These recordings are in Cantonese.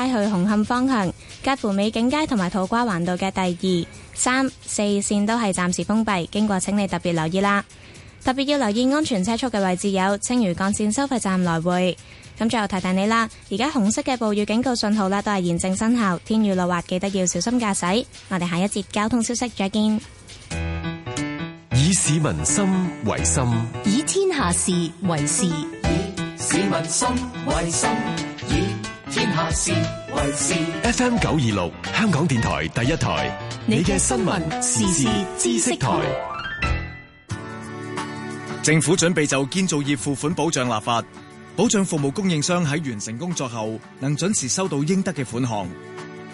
街去紅磡方向，介乎美景街同埋土瓜環道嘅第二、三、四線都係暫時封閉，經過請你特別留意啦。特別要留意安全車速嘅位置有青嶼幹線收費站來回。咁最後提提你啦，而家紅色嘅暴雨警告信號啦，都係現正生效，天雨路滑，記得要小心駕駛。我哋下一節交通消息再見。以市民心為心，以天下事為事，以市民心為心。天下事，為事。FM 九二六，香港電台第一台。你嘅新聞時事知識台。政府準備就建造業付款保障立法，保障服務供應商喺完成工作後能準時收到應得嘅款項。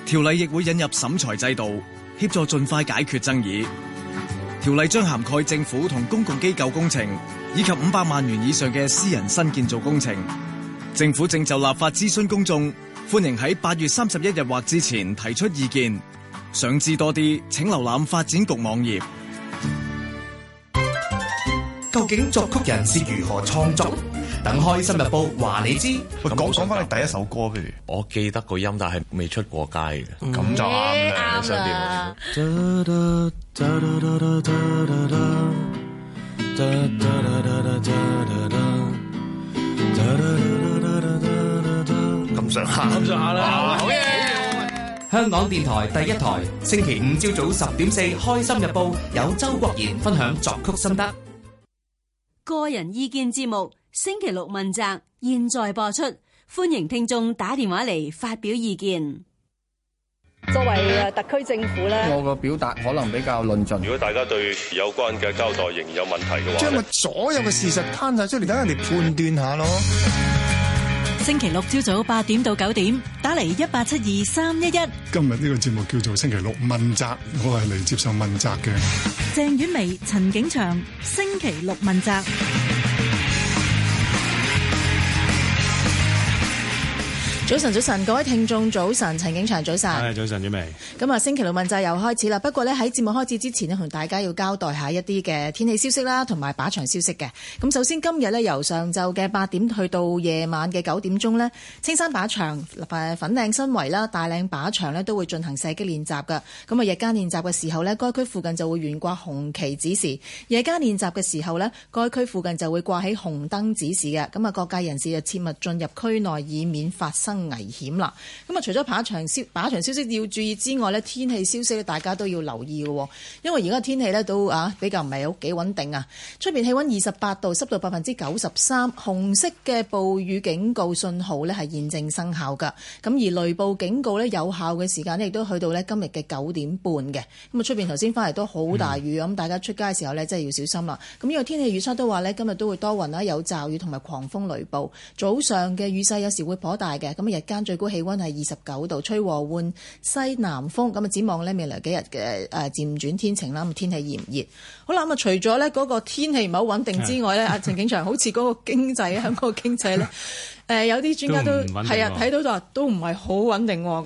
條例亦會引入審裁制度，協助盡快解決爭議。條例將涵蓋政府同公共機構工程，以及五百萬元以上嘅私人新建造工程。政府正就立法諮詢公眾，歡迎喺八月三十一日或之前提出意見。想知多啲？請瀏覽發展局網頁。究竟作曲人是如何創作？嗯、等《開心日報》話、嗯、你知。咁講講翻你第一首歌譬如？我記得個音，但係未出過街嘅。咁、嗯、就啱 上下，啦、嗯。好嘅，香港電台第一台，第一台星期五朝早十點四《開心日報》，有周國賢分享作曲心得。個人意見節目，星期六問責，現在播出，歡迎聽眾打電話嚟發表意見。作為特區政府咧，我嘅表達可能比較論盡。如果大家對有關嘅交代仍然有問題嘅話，將個所有嘅事實攤晒出嚟，等人哋判斷下咯。星期六朝早八點到九點，打嚟一八七二三一一。今日呢個節目叫做星期六問責，我係嚟接受問責嘅。鄭婉薇、陳景祥，星期六問責。早晨，早晨，各位聽眾早晨，陳景祥，早晨。早晨，咗未？咁啊，星期六問責又開始啦。不過咧，喺節目開始之前呢，同大家要交代一下一啲嘅天氣消息啦，同埋靶場消息嘅。咁首先今日咧，由上晝嘅八點去到夜晚嘅九點鐘咧，青山靶場誒粉嶺新圍啦，大嶺靶場咧都會進行射擊練習嘅。咁啊，日間練習嘅時候咧，該區附近就會懸掛紅旗指示；夜間練習嘅時候咧，該區附近就會掛起紅燈指示嘅。咁啊，各界人士就切勿進入區內以免發生。危險啦！咁啊，除咗爬場消息、爬場消息要注意之外呢，天氣消息大家都要留意嘅。因為而家天氣呢都啊比較唔係好幾穩定啊。出面氣温二十八度，濕度百分之九十三，紅色嘅暴雨警告信號呢係現正生效㗎。咁而雷暴警告呢有效嘅時間呢亦都去到呢今日嘅九點半嘅。咁啊，出面頭先翻嚟都好大雨，咁、嗯、大家出街嘅時候呢真係要小心啦。咁因為天氣預測都話呢今日都會多雲啦，有驟雨同埋狂風雷暴，早上嘅雨勢有時會頗大嘅。咁日間最高氣温係二十九度，吹和緩西南風。咁啊，展望呢未來幾日嘅誒，漸轉天晴啦。咁天氣炎熱，好啦。咁啊，除咗呢個天氣唔係好穩定之外呢，阿陳景祥好似嗰個經濟，香港經濟呢 誒、呃、有啲專家都係啊，睇到就都唔係好穩定咁、啊、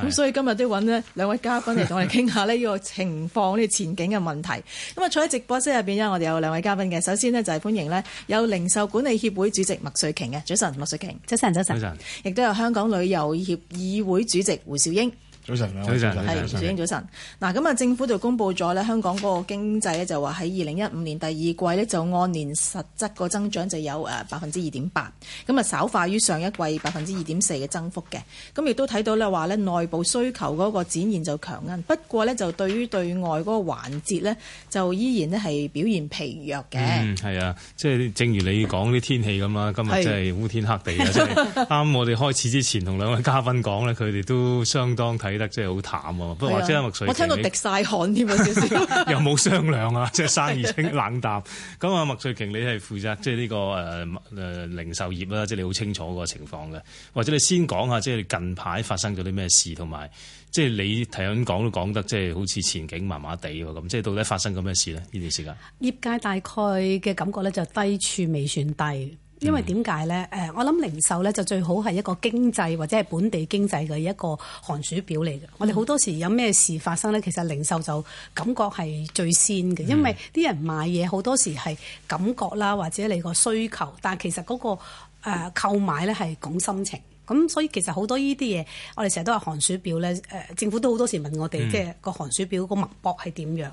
樣，咁所以今日都搵呢兩位嘉賓嚟同我哋傾下呢個情況、呢 前景嘅問題。咁啊，坐喺直播室入面，呢我哋有兩位嘉賓嘅。首先呢，就係、是、歡迎呢有零售管理協會主席麥瑞瓊嘅，主持人麥瑞瓊，早晨，早晨，亦都有香港旅遊協議會主席胡兆英。早晨，早晨，早晨，早晨，早晨，早晨，嗱，咁啊，政府就公布咗咧，香港嗰個經濟咧就話喺二零一五年第二季咧就按年實質個增長就有誒百分之二點八，咁啊稍快於上一季百分之二點四嘅增幅嘅。咁亦都睇到咧話咧內部需求嗰個展現就強韌，不過咧就對於對外嗰個環節咧就依然咧係表現疲弱嘅。嗯，係啊，即係正如你講啲天氣咁啊，今日真係烏天黑地嘅，啱啱 我哋開始之前同兩位嘉賓講咧，佢哋都相當睇。睇得真係好淡喎，不過或者麥瑞瓊，我聽到滴晒汗添啊， 又有冇商量啊？即 係生意清冷淡。咁啊，麥瑞瓊，你係負責即係呢個誒誒零售業啦，即係你好清楚個情況嘅。或者你先講下，即係近排發生咗啲咩事，同埋即係你睇緊講都講得即係好似前景麻麻地喎。咁即係到底發生咗咩事呢？呢段時間業界大概嘅感覺咧，就低處未算低。因為點解呢？誒，我諗零售呢，就最好係一個經濟或者係本地經濟嘅一個寒暑表嚟嘅。嗯、我哋好多時有咩事發生呢？其實零售就感覺係最先嘅，因為啲人買嘢好多時係感覺啦，或者你個需求，但其實嗰個誒購買呢，係講心情。咁所以其實好多呢啲嘢，我哋成日都話寒暑表咧，誒、呃、政府都好多時問我哋，嗯、即係個寒暑表個脈搏係點樣。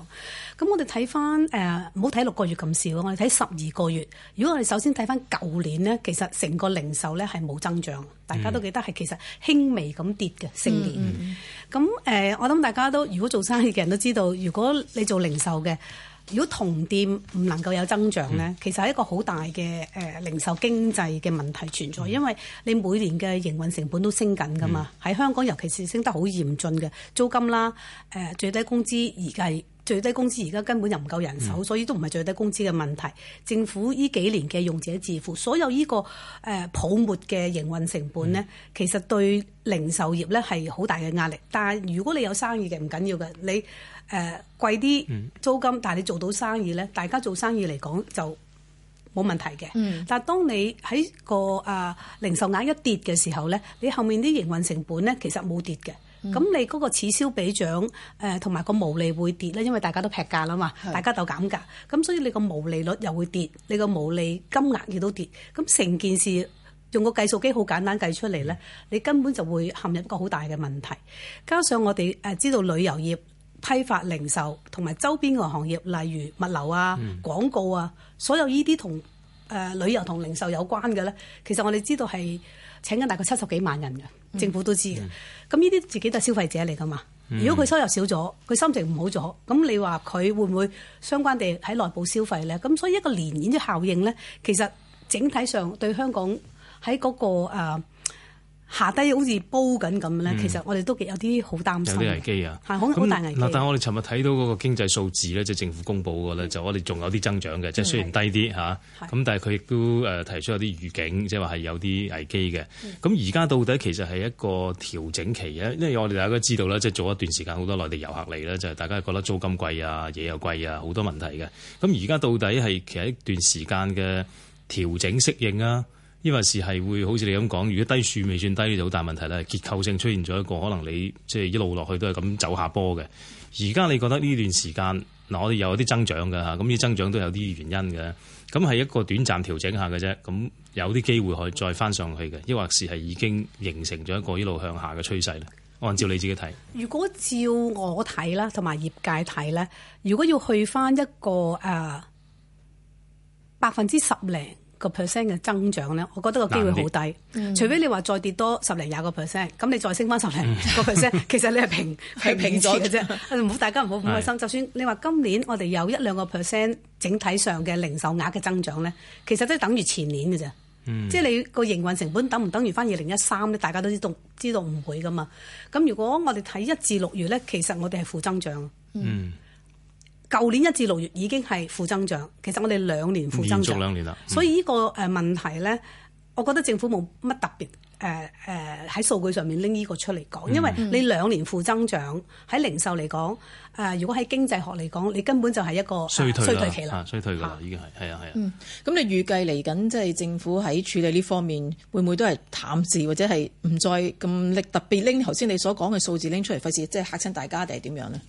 咁我哋睇翻誒，唔好睇六個月咁少，我哋睇十二個月。如果我哋首先睇翻舊年咧，其實成個零售咧係冇增長，大家都記得係其實輕微咁跌嘅成年。嗯嗯咁誒、呃，我諗大家都如果做生意嘅人都知道，如果你做零售嘅，如果同店唔能夠有增長呢、嗯，其實係一個好大嘅、呃、零售經濟嘅問題存在、嗯，因為你每年嘅營運成本都升緊噶嘛，喺、嗯、香港尤其是升得好嚴峻嘅租金啦、呃，最低工資而家。最低工資而家根本就唔夠人手，嗯、所以都唔係最低工資嘅問題。政府呢幾年嘅用者自付，所有呢、呢個、呃、泡沫嘅營運成本呢、嗯，其實對零售業呢係好大嘅壓力。但如果你有生意嘅唔緊要嘅，你誒、呃、貴啲租金，但你做到生意呢，大家做生意嚟講就冇問題嘅、嗯。但係當你喺、嗰個、呃、零售額一跌嘅時候呢，你後面啲營運成本呢，其實冇跌嘅。咁、嗯、你嗰個此消彼長，誒同埋個毛利會跌咧，因為大家都劈價啦嘛，大家都減價，咁所以你個毛利率又會跌，你個毛利金額亦都跌，咁成件事用個計數機好簡單計出嚟咧，你根本就會陷入一個好大嘅問題。加上我哋知道旅遊業、批發、零售同埋周邊嘅行業，例如物流啊、嗯、廣告啊，所有呢啲同誒旅遊同零售有關嘅咧，其實我哋知道係。請緊大概七十幾萬人㗎，政府都知㗎。咁呢啲自己都係消費者嚟㗎嘛。如果佢收入少咗，佢心情唔好咗，咁你話佢會唔會相關地喺內部消費咧？咁所以一個連染嘅效應咧，其實整體上對香港喺嗰、那個、呃下低好似煲緊咁咧，其實我哋都幾有啲好擔心，有啲危機啊，好好、嗯、大危機、嗱、啊，但係我哋尋日睇到嗰個經濟數字咧，即、係、政府公佈嘅咧，就我哋仲有啲增長嘅，即、嗯、係、係、雖然低啲吓，咁、啊、但係佢亦都提出有啲預警，即係話係有啲危機嘅。咁而家到底其實係一個調整期啊，因為我哋大家都知道啦，即係做一段時間好多內地遊客嚟啦，就係、大家覺得租金貴啊，嘢又貴啊，好多問題嘅。咁而家到底係其實一段時間嘅調整適應啊？抑或是係會好似你咁講，如果低處未算低呢？就好大問題咧。結構性出現咗一個可能，你即係一路落去都係咁走下坡嘅。而家你覺得呢段時間嗱，我哋又有啲增長嘅嚇，咁呢增長都有啲原因嘅。咁係一個短暫調整下嘅啫，咁有啲機會可以再翻上去嘅。抑或是係已經形成咗一個一路向下嘅趨勢咧。按照你自己睇，如果照我睇啦，同埋業界睇咧，如果要去翻一個誒百分之十零，呃個 percent 嘅增長咧，我覺得個機會好低。嗯、除非你話再跌多十零廿個 percent，咁你再升翻十零個 percent，嗯、其實你係平， 平咗嘅啫。唔 好大家唔好唔開心。就算你話今年我哋有一兩個 percent 整體上嘅零售額嘅增長咧，其實都係等於前年嘅啫。嗯、即係你個營運成本等唔等於翻二零一三咧？大家都知道知道唔會噶嘛。咁如果我哋睇一至六月咧，其實我哋係負增長。嗯嗯舊年一至六月已經係負增長，其實我哋兩年負增長，連續兩年啦。嗯、所以呢個誒問題咧，我覺得政府冇乜特別誒誒喺數據上面拎呢個出嚟講，因為你兩年負增長喺零售嚟講，誒、呃、如果喺經濟學嚟講，你根本就係一個衰退期啦，衰退噶啦、啊啊啊，已經係係啊係啊。咁、啊啊嗯、你預計嚟緊即係政府喺處理呢方面會唔會都係淡視或者係唔再咁力特別拎頭先你所講嘅數字拎出嚟，費事即係吓親大家定係點樣咧？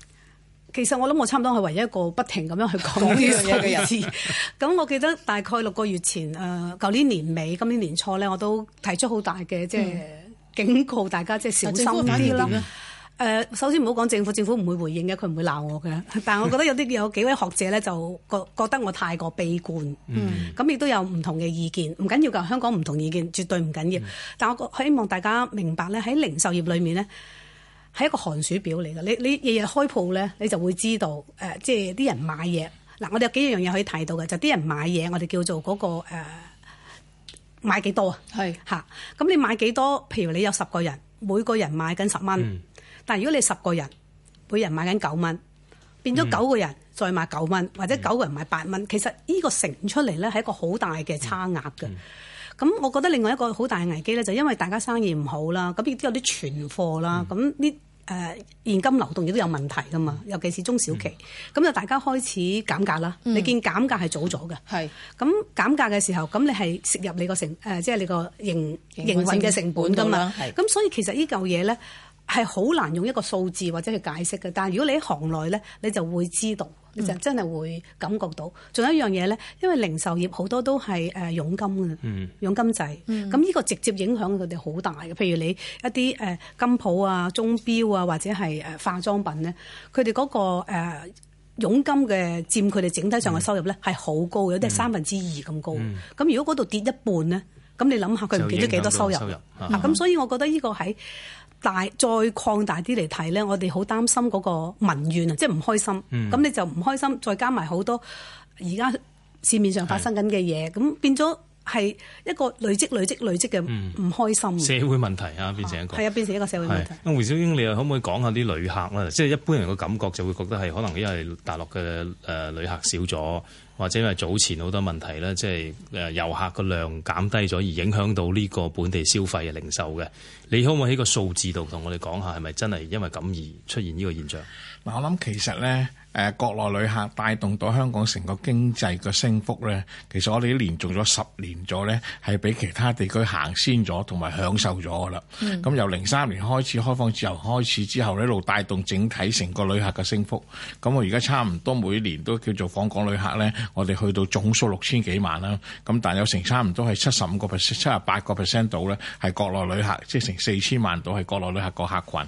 其實我諗我差唔多係唯一一個不停咁樣去講呢樣嘢嘅人。咁我記得大概六個月前，誒舊年年尾、今年年初咧，我都提出好大嘅即係警告大家，即係小心啲啦。誒、嗯呃，首先唔好講政府，政府唔會回應嘅，佢唔會鬧我嘅。但係我覺得有啲有幾位學者咧，就覺得我太過悲觀。咁、嗯、亦、嗯、都有唔同嘅意見，唔緊要嘅，香港唔同意見絕對唔緊要。但我希望大家明白咧，喺零售業裏面咧，係一個寒暑表嚟㗎，你你日日開鋪咧，你就會知道，誒、呃，即係啲人買嘢。嗱、嗯啊，我哋有幾樣嘢可以睇到嘅，就啲、是、人買嘢，我哋叫做嗰、那個誒、呃、買幾多是 啊？係嚇，咁你買幾多？譬如你有十個人，每個人買緊十蚊，嗯、但係如果你十個人，每個人買緊九蚊，變咗九個人再買九蚊，嗯、或者九個人買八蚊，其實呢個乘出嚟咧係一個好大嘅差額㗎。嗯嗯。咁我覺得另外一個好大嘅危機咧，就因為大家生意唔好啦，咁亦都有啲存貨啦，咁啲誒現金流動亦都有問題噶嘛，尤其是中小企，咁就大家開始減價啦。你見減價係早咗嘅，係咁減價嘅時候，咁你係食入你個成誒，即係你個營營運嘅成本㗎嘛。咁所以其實呢嚿嘢咧係好難用一個數字或者去解釋嘅。但係如果你喺行內咧，你就會知道。你就、嗯、真係會感覺到，仲有一樣嘢咧，因為零售業好多都係誒佣金嘅，嗯、佣金制。咁呢、嗯、個直接影響佢哋好大嘅。譬如你一啲誒金鋪啊、鐘錶啊，或者係誒化妝品咧，佢哋嗰個誒、呃、佣金嘅佔佢哋整體上嘅收入咧係好高嘅，都係三分之二咁高。咁如果嗰度跌一半咧，咁你諗下佢唔見咗幾多收入？嗱，咁、啊啊、所以我覺得呢個喺。大再擴大啲嚟睇咧，我哋好擔心嗰個民怨啊，即係唔開心。咁、嗯、你就唔開心，再加埋好多而家市面上發生緊嘅嘢，咁變咗。係一個累積累積累積嘅唔開心社會問題啊，變成一個係啊，變成一個社會問題。阿胡兆英，你又可唔可以講下啲旅客啦？即係一般人個感覺就會覺得係可能因為大陸嘅誒旅客少咗，或者因為早前好多問題咧，即係誒遊客個量減低咗，而影響到呢個本地消費嘅零售嘅。你可唔可以喺個數字度同我哋講下係咪真係因為咁而出現呢個現象？嗱，我諗其實咧。誒國內旅客帶動到香港成個經濟嘅升幅咧，其實我哋都連續咗十年咗咧，係畀其他地區行先咗同埋享受咗噶啦。咁由零三年開始開放自由開始之後，一路帶動整體成個旅客嘅升幅。咁我而家差唔多每年都叫做訪港旅客咧，我哋去到總數六千幾萬啦。咁但係有成差唔多係七十五個 percent、七十八個 percent 度咧，係國內旅客，即係成四千萬度係國內旅客個客群。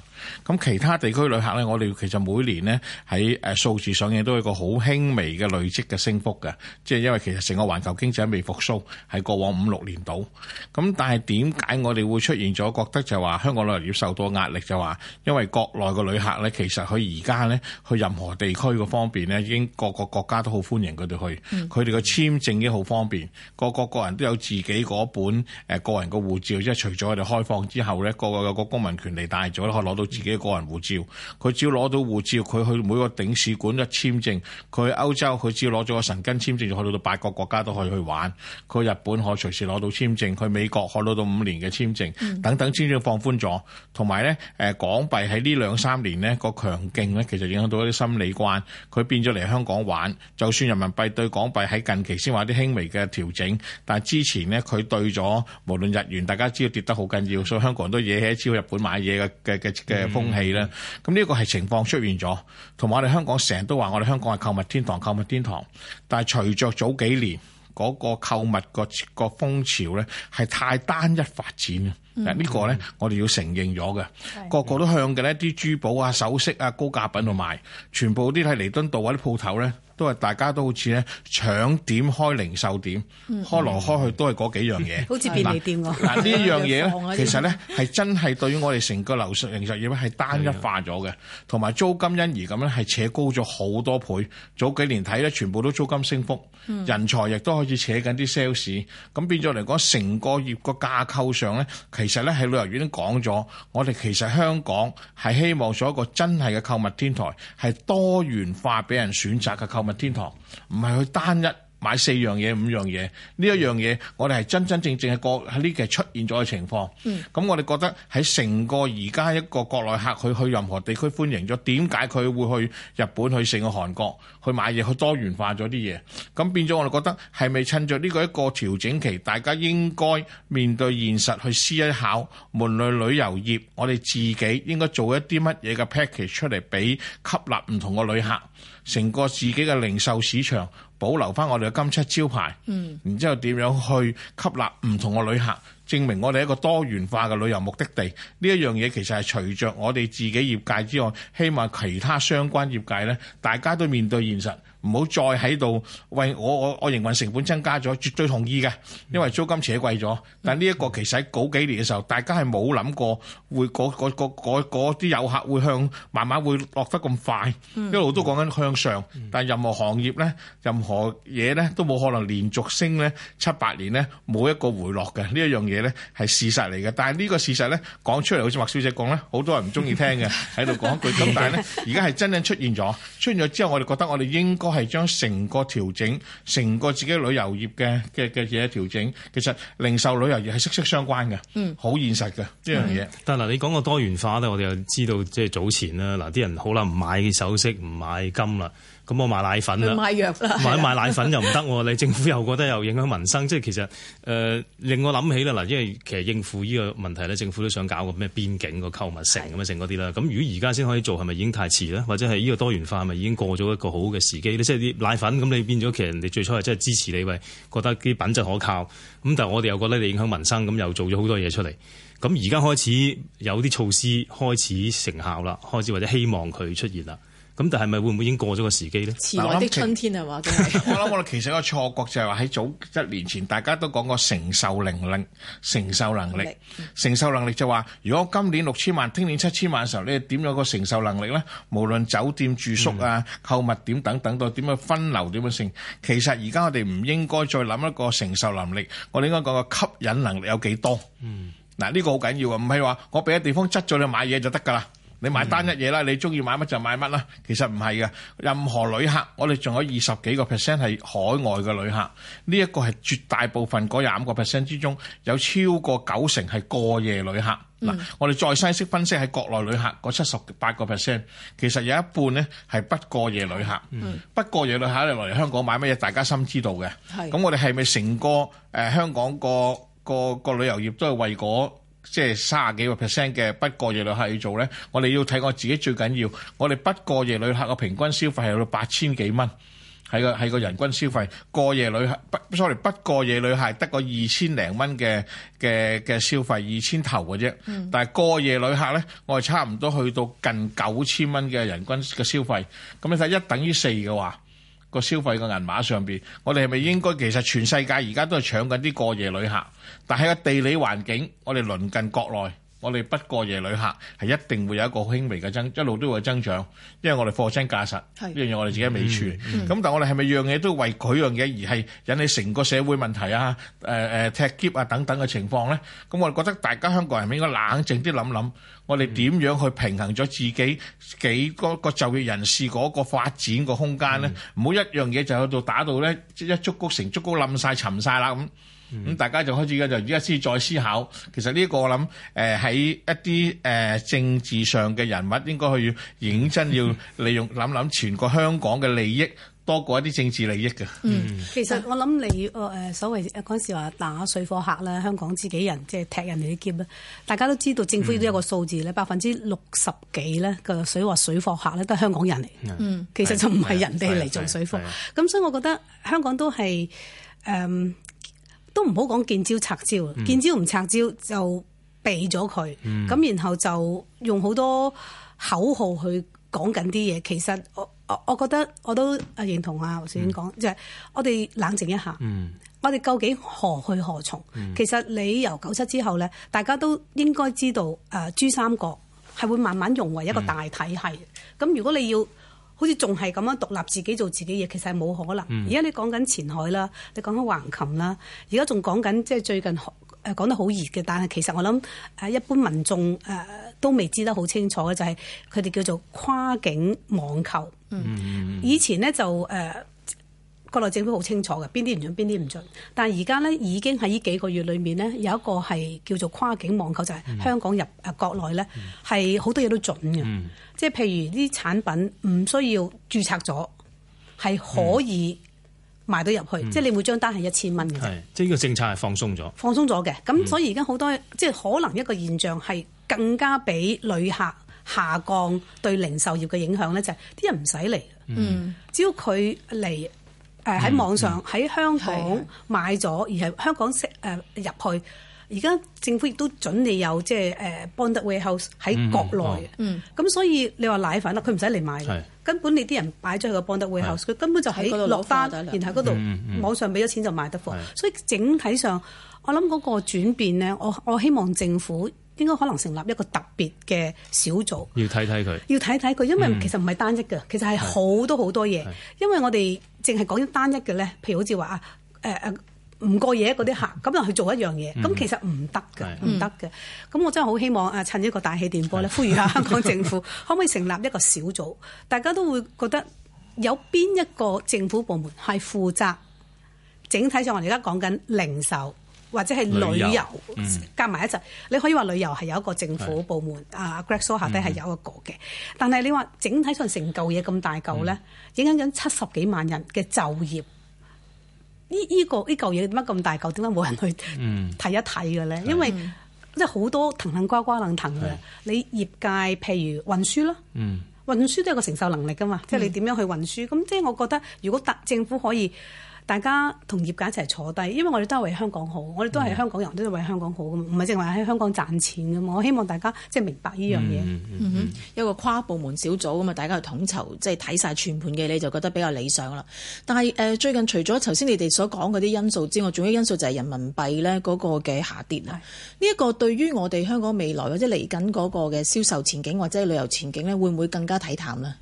咁其他地區旅客咧，我哋其實每年咧喺誒數。好似上映都係一個好輕微嘅累積嘅升幅嘅，即係因為其實成個環球經濟未復蘇，係過往五六年度。咁但係點解我哋會出現咗覺得就話香港旅遊業受到壓力？就話，因為國內嘅旅客咧，其實佢而家咧去任何地區嘅方面咧，已經各個國家都好歡迎佢哋去，佢哋嘅簽證已經好方便，各個個個人都有自己嗰本誒個人嘅護照，即係除咗我哋開放之後咧，個個有個公民權利大咗，可以攞到自己嘅個人護照。佢只要攞到護照，佢去每個領事館。本一簽證，佢去歐洲佢只要攞咗個神根簽證就去到到八個國家都可以去玩。佢日本可隨時攞到簽證，佢美國可攞到五年嘅簽證等等，簽證放寬咗。同埋咧，誒港幣喺呢兩三年呢個強勁咧，其實影響到一啲心理關，佢變咗嚟香港玩。就算人民幣對港幣喺近期先話啲輕微嘅調整，但係之前呢，佢對咗無論日元，大家知道跌得好緊要，所以香港人都惹起一朝日本買嘢嘅嘅嘅嘅風氣啦。咁、嗯、呢個係情況出現咗，同埋我哋香港成。人都話我哋香港係購物天堂，購物天堂。但係隨着早幾年嗰、那個購物個個風潮咧，係太單一發展啊！呢、嗯、個咧我哋要承認咗嘅、嗯，個個都向嘅呢啲珠寶啊、首飾啊、高價品同埋全部啲喺彌敦道嗰啲鋪頭咧。都係大家都好似咧搶點開零售店、嗯、開來開去都係嗰幾樣嘢、嗯，好似便利店喎、啊。嗱、啊啊、呢樣嘢咧，其實咧係、啊啊、真係對於我哋成個流零售業咧係單一化咗嘅，同埋、啊、租金因而咁咧係扯高咗好多倍。早幾年睇咧，全部都租金升幅，嗯、人才亦都開始扯緊啲 sales。咁變咗嚟講成個業個架構上咧，其實咧係旅遊業都講咗，我哋其實香港係希望做一個真係嘅購物天台，係多元化俾人選擇嘅購物。嗯物天堂唔係去單一買四樣嘢五樣嘢。呢一樣嘢我哋係真真正正係個，喺呢期出現咗嘅情況。咁、嗯、我哋覺得喺成個而家一個國內客，佢去任何地區歡迎咗，點解佢會去日本去成個韓國去買嘢去多元化咗啲嘢？咁變咗我哋覺得係咪趁着呢個一個調整期，大家應該面對現實去思一考門類旅遊業，我哋自己應該做一啲乜嘢嘅 package 出嚟俾吸納唔同嘅旅客？嗯成個自己嘅零售市場保留翻我哋嘅金漆招牌，然之後點樣去吸納唔同嘅旅客，證明我哋一個多元化嘅旅遊目的地呢一樣嘢，其實係隨着我哋自己業界之外，希望其他相關業界呢，大家都面對現實。唔好再喺度喂我我我營運成本增加咗，絕對同意嘅，因為租金扯貴咗。但呢一個其實喺嗰幾年嘅時候，大家係冇諗過會嗰嗰嗰嗰嗰啲遊客會向慢慢會落得咁快，一路都講緊向上。但任何行業咧，任何嘢咧，都冇可能連續升咧七八年咧冇一個回落嘅呢一樣嘢咧係事實嚟嘅。但係呢個事實咧講出嚟好似麥小姐講咧，好多人唔中意聽嘅喺度講一句。咁但係咧，而家係真正出現咗，出現咗之後，我哋覺得我哋應該。係將成個調整，成個自己旅遊業嘅嘅嘅嘢調整，其實零售旅遊業係息息相關嘅，嗯，好現實嘅呢樣嘢。但係嗱，你講個多元化咧，我哋又知道即係早前啦，嗱啲人好啦，唔買首飾，唔買金啦。咁我買奶粉啦，買藥啦，買奶粉又唔得喎， 你政府又覺得又影響民生，即係其實誒、呃、令我諗起啦嗱，因為其實應付呢個問題咧，政府都想搞個咩邊境個購物城咁樣成嗰啲啦。咁如果而家先可以做，係咪已經太遲咧？或者係呢個多元化係咪已經過咗一個好嘅時機咧？即係啲奶粉咁，你變咗其實人哋最初係真係支持你喂，覺得啲品質可靠，咁但係我哋又覺得你影響民生，咁又做咗好多嘢出嚟。咁而家開始有啲措施開始成效啦，開始或者希望佢出現啦。咁但係咪會唔會已經過咗個時機咧？遲來的春天係嘛？ 我諗我哋其實個錯覺就係話喺早一年前，大家都講過承受能力、承受能力、嗯嗯、承受能力就話，如果今年六千萬、聽年七千萬嘅時候，你點樣個承受能力咧？無論酒店住宿啊、購物點等等到點樣分流點樣性，其實而家我哋唔應該再諗一個承受能力，我哋應該講個吸引能力有幾多？嗯，嗱呢個好緊要啊，唔係話我俾個地方執咗你買嘢就得㗎啦。你買單一嘢啦，你中意買乜就買乜啦。其實唔係嘅，任何旅客，我哋仲有二十幾個 percent 係海外嘅旅客。呢、這、一個係絕大部分嗰廿五個 percent 之中，有超過九成係過夜旅客。嗱、嗯，我哋再細息分析喺國內旅客嗰七十八個 percent，其實有一半咧係不過夜旅客。嗯、不過夜旅客你嚟嚟香港買乜嘢，大家心知道嘅。咁我哋係咪成個誒香港、嗰個個、嗰個旅遊業都係為果？即係三十幾個 percent 嘅不過夜旅客要做咧，我哋要睇我自己最緊要。我哋不過夜旅客個平均消費係去到八千幾蚊，係個係個人均消費。過夜旅客，不 sorry 不過夜旅客得個二千零蚊嘅嘅嘅消費，二千頭嘅啫、嗯。但係過夜旅客咧，我哋差唔多去到近九千蚊嘅人均嘅消費。咁你睇一等於四嘅話。個消費嘅銀碼上邊，我哋係咪應該？其實全世界而家都係搶緊啲過夜旅客，但係個地理環境，我哋鄰近國內。我哋不過夜旅客係一定會有一個輕微嘅增，一路都會增長，因為我哋貨真價實呢樣嘢我哋自己未存。咁但係我哋係咪樣嘢都為佢樣嘢而係引起成個社會問題啊？誒誒踢劫啊等等嘅情況咧？咁我哋覺得大家香港人應該冷靜啲諗諗，我哋點樣去平衡咗自己幾個個就業人士嗰個發展個空間咧？唔好一樣嘢就去到打到咧一竹篙成竹篙冧曬沉曬啦咁。咁、嗯、大家就開始而家就而家先再思考，其實呢個個我諗喺、呃、一啲誒、呃、政治上嘅人物應該去認真要利用諗諗、嗯、全個香港嘅利益多過一啲政治利益嘅、嗯。嗯，其實我諗你誒、呃、所謂嗰陣時話打水貨客咧，香港自己人即係踢人哋啲劍咧，大家都知道政府都有個數字咧、嗯，百分之六十幾咧個水或水貨客咧都係香港人嚟、嗯，其實就唔係人哋嚟做水貨。咁所以我覺得香港都係誒。嗯都唔好講見招拆招，嗯、見招唔拆招就避咗佢。咁、嗯、然後就用好多口號去講緊啲嘢。其實我我，我覺得我都啊認同啊胡小英講，就係、是、我哋冷靜一下。嗯、我哋究竟何去何從、嗯？其實你由九七之後咧，大家都應該知道誒，珠、呃、三角係會慢慢融為一個大體系。咁、嗯、如果你要好似仲係咁樣獨立自己做自己嘢，其實係冇可能。而、嗯、家你講緊前海啦，你講緊橫琴啦，而家仲講緊即係最近誒講得好熱嘅，但係其實我諗誒一般民眾誒都未知得好清楚嘅，就係佢哋叫做跨境網購、嗯。以前呢，就、呃、誒。國內政府好清楚嘅，邊啲唔準，邊啲唔準。但係而家咧已經喺呢幾個月裏面咧，有一個係叫做跨境網購，就係、是、香港入誒國內咧，係、嗯、好多嘢都準嘅。即、嗯、係譬如啲產品唔需要註冊咗，係可以賣到入去。即係你每張單係一千蚊嘅。係，即係呢個政策係放鬆咗。放鬆咗嘅。咁所以而家好多、嗯、即係可能一個現象係更加俾旅客下降對零售業嘅影響咧，就係、是、啲人唔使嚟。嗯，只要佢嚟。誒喺網上喺、嗯嗯、香港買咗，而係香港識誒、呃、入去。而家政府亦都準你有即係、呃、誒 Bonded Warehouse 喺國內。嗯，咁、哦嗯、所以你話奶粉啦，佢唔使嚟買嘅，根本你啲人擺咗去個 Bonded Warehouse，佢根本就喺落單，然後嗰度網上俾咗錢就賣得貨。所以整體上，我諗嗰個轉變咧，我我希望政府。應該可能成立一個特別嘅小組，要睇睇佢，要睇睇佢，因為其實唔係單一嘅、嗯，其實係好多好多嘢。因為我哋淨係講緊單一嘅咧，譬如好似話啊，誒誒唔過夜嗰啲客，咁、嗯、就去做一樣嘢，咁、嗯、其實唔得嘅，唔得嘅。咁我真係好希望啊，趁呢個大氣電波咧，呼籲下香港政府，可唔可以成立一個小組？ 大家都會覺得有邊一個政府部門係負責整體上？我哋而家講緊零售。或者係旅遊，旅遊、嗯、夾埋一齊，你可以話旅遊係有一個政府部門啊，Greg So 下底係有一個嘅、嗯。但係你話整體上成嚿嘢咁大嚿咧、嗯，影響緊七十幾萬人嘅就業。呢依、呢個依嚿嘢點解咁大嚿？點解冇人去睇、嗯、一睇嘅咧？因為即係好多騰騰瓜瓜楞騰嘅。你業界譬如運輸咯，運輸都有個承受能力㗎嘛、嗯。即係你點樣去運輸？咁、嗯、即係我覺得，如果特政府可以。大家同業界一齊坐低，因為我哋都係為香港好，我哋都係香港人，都係為香港好嘅嘛，唔係淨係喺香港賺錢嘅嘛。我希望大家即係明白呢樣嘢，嗯嗯嗯嗯、有一個跨部門小組咁啊，大家去統籌，即係睇晒全盤嘅，你就覺得比較理想啦。但係、呃、最近除咗頭先你哋所講嗰啲因素之外，仲有因素就係人民幣咧嗰個嘅下跌啦。呢一、呢個對於我哋香港未來或者嚟緊嗰個嘅銷售前景或者旅遊前景咧，會唔會更加睇淡呢？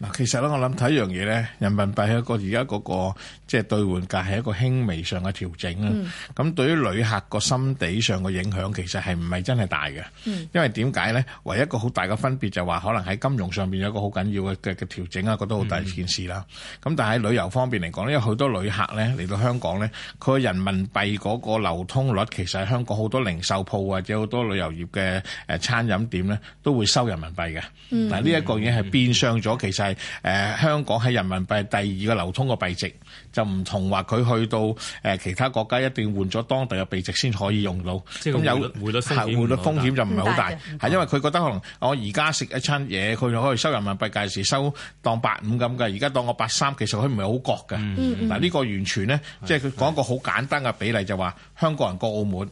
嗱、那個就是嗯嗯那個嗯，其實咧，我諗睇一樣嘢咧，人民幣係一個而家嗰個即係兌換價係一個輕微上嘅調整啊。咁對於旅客個心地上嘅影響其實係唔係真係大嘅？因為點解咧？唯一一個好大嘅分別就話可能喺金融上邊，有一個好緊要嘅嘅嘅調整啊，覺得好大件事啦。咁但係喺旅遊方面嚟講咧，有好多旅客咧嚟到香港咧，佢人民幣嗰個流通率其實香港好多零售鋪或者好多旅遊業嘅誒餐飲店咧都會收人民幣嘅、嗯。但係呢一個嘢係變相咗、嗯，其實。誒、呃，香港係人民幣第二個流通個幣值，就唔同話佢去到誒、呃、其他國家一定換咗當地嘅幣值先可以用到，咁有匯率風險就唔係好大，係因為佢覺得可能我而家食一餐嘢，佢就可以收人民幣，屆時收當八五咁㗎，而家當我八三，其實佢唔係好覺嘅。嗱、嗯，呢個完全咧，即係佢講一個好簡單嘅比例，就話、是、香港人過澳門。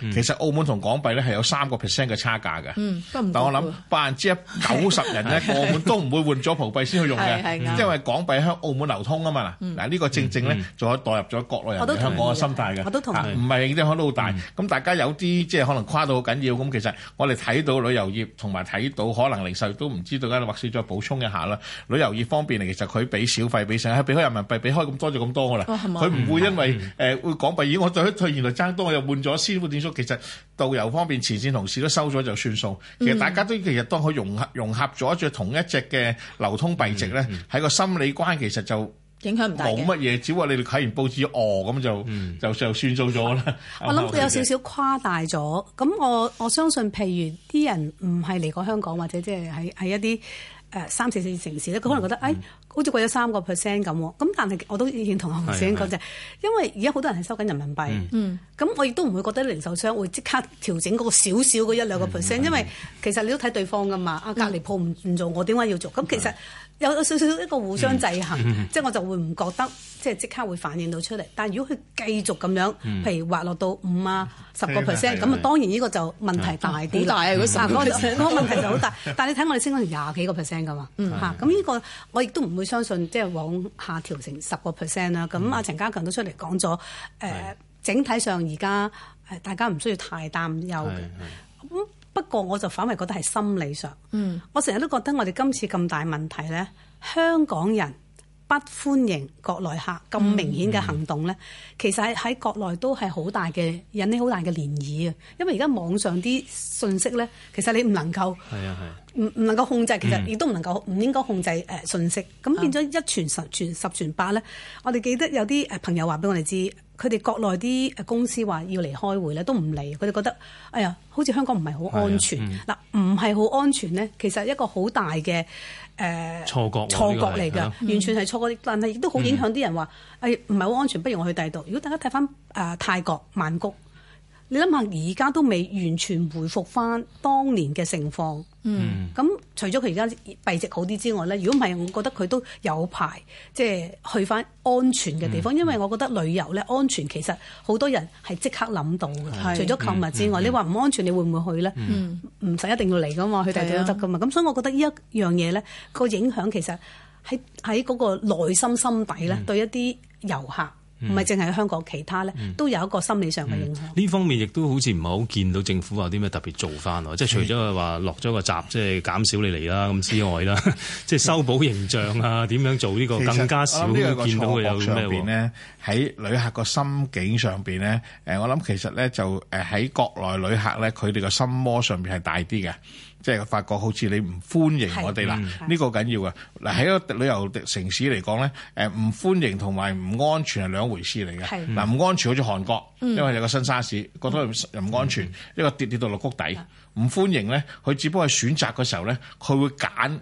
嗯、其實澳門同港幣咧係有三個 percent 嘅差價嘅、嗯。但我諗百分之一九十人咧、呃，澳門都唔會換咗葡幣先去用嘅，因為港幣喺澳門流通啊嘛。嗱，呢、嗯呢個正正咧，仲、嗯、有代入咗國內人喺香港嘅心態嘅。我都同意。我都同意。唔係啲可能好大，咁、嗯、大家有啲即係可能跨到好緊要。咁、嗯、其實我哋睇到旅遊業同埋睇到可能零售都唔知道或者再補充一下啦。旅遊業方面其實佢俾小費俾成係俾開人民幣，俾開咁多就咁多嘅啦。佢、哦、唔會因為誒、嗯嗯、會港幣，咦？我對佢對原來爭多，我又換咗先。其實導遊方面前綫同事都收咗就算數，其實大家都其實當佢融合融合咗住同一隻嘅流通幣值咧，喺、嗯嗯、個心理關，其實就影響唔到，冇乜嘢，只不過你哋睇完報紙哦咁就就就算數咗啦。嗯、 我諗佢有少少誇大咗，咁 我我相信譬如啲人唔係嚟過香港或者即係喺喺一啲。誒三四線城市咧，佢可能覺得誒、嗯哎、好似貴咗三個 percent 咁喎，咁但係我都認同阿胡兆英講嘅，是是因為而家好多人係收緊人民幣，嗯，咁我亦都唔會覺得零售商會即刻調整嗰個少少嗰一兩個 percent，因為其實你都睇對方噶嘛，啊隔離鋪唔唔做，我點解要做？咁其實。有有少少一個互相制衡，嗯、即係我就會唔覺得，即係即刻會反映到出嚟。但如果佢繼續咁樣、嗯，譬如滑落到五啊十個 percent，咁啊當然呢個就問題大啲，大啊嗰時，嗰、啊啊個，啊嗰個問題就好大。 但係你睇我哋升咗成廿幾個 percent 㗎嘛，嚇咁呢個我亦都唔會相信，即係往下調成十個 percent 啦。咁阿陳家強都出嚟講咗，誒、呃、整體上而家誒大家唔需要太擔憂嘅。不過我就反為覺得係心理上，嗯，我成日都覺得我哋今次咁大問題咧，香港人。不歡迎國內客咁明顯嘅行動呢、嗯嗯，其實喺喺國內都係好大嘅引起好大嘅漣漪啊！因為而家網上啲信息呢，其實你唔能夠係啊係唔唔能夠控制，嗯、其實亦都唔能夠唔應該控制誒信息，咁變咗一傳十，傳十,十,十傳八呢，我哋記得有啲誒朋友話俾我哋知，佢哋國內啲誒公司話要嚟開會呢都唔嚟，佢哋覺得哎呀，好似香港唔係好安全嗱，唔係好安全呢，其實一個好大嘅。誒錯覺，錯覺嚟、啊、㗎、這個嗯，完全係錯覺，但係亦都好影響啲人話係唔係好安全，不如我去第二度。如果大家睇返誒泰國曼谷。你諗下，而家都未完全回復翻當年嘅盛況。嗯，咁除咗佢而家幣值好啲之外咧，如果唔係，我覺得佢都有排即係去翻安全嘅地方、嗯，因為我覺得旅遊咧安全其實好多人係即刻諗到嘅。除咗購物之外，嗯嗯嗯、你話唔安全，你會唔會去咧？唔、嗯、使一定要嚟噶嘛、嗯，去第二度都得噶嘛。咁、啊、所以，我覺得呢一樣嘢咧，個影響其實喺喺嗰個內心心底咧，對一啲遊客，唔係淨係香港其他咧，都有一個心理上嘅影響。呢、嗯嗯嗯嗯、方面亦都好似唔係好見到政府有啲咩特別做翻喎、嗯，即係除咗話落咗個閘，即係減少你嚟啦咁之外啦，即、嗯、係 修補形象啊，點、嗯、樣做呢、這個更加少、這個、見到嘅有咩喎？呢喺旅客個心境上邊呢。誒，我諗其實咧就誒喺國內旅客咧，佢哋個心魔上邊係大啲嘅。即係發覺好似你唔歡迎我哋啦，呢、這個緊要嘅。嗱喺一個旅遊城市嚟講咧，誒唔歡迎同埋唔安全係兩回事嚟嘅。嗱唔安全好似韓國、嗯，因為有個新沙士，覺得又唔安全，一個跌跌到落谷底。唔歡迎咧，佢只不過選擇嘅時候咧，佢會揀。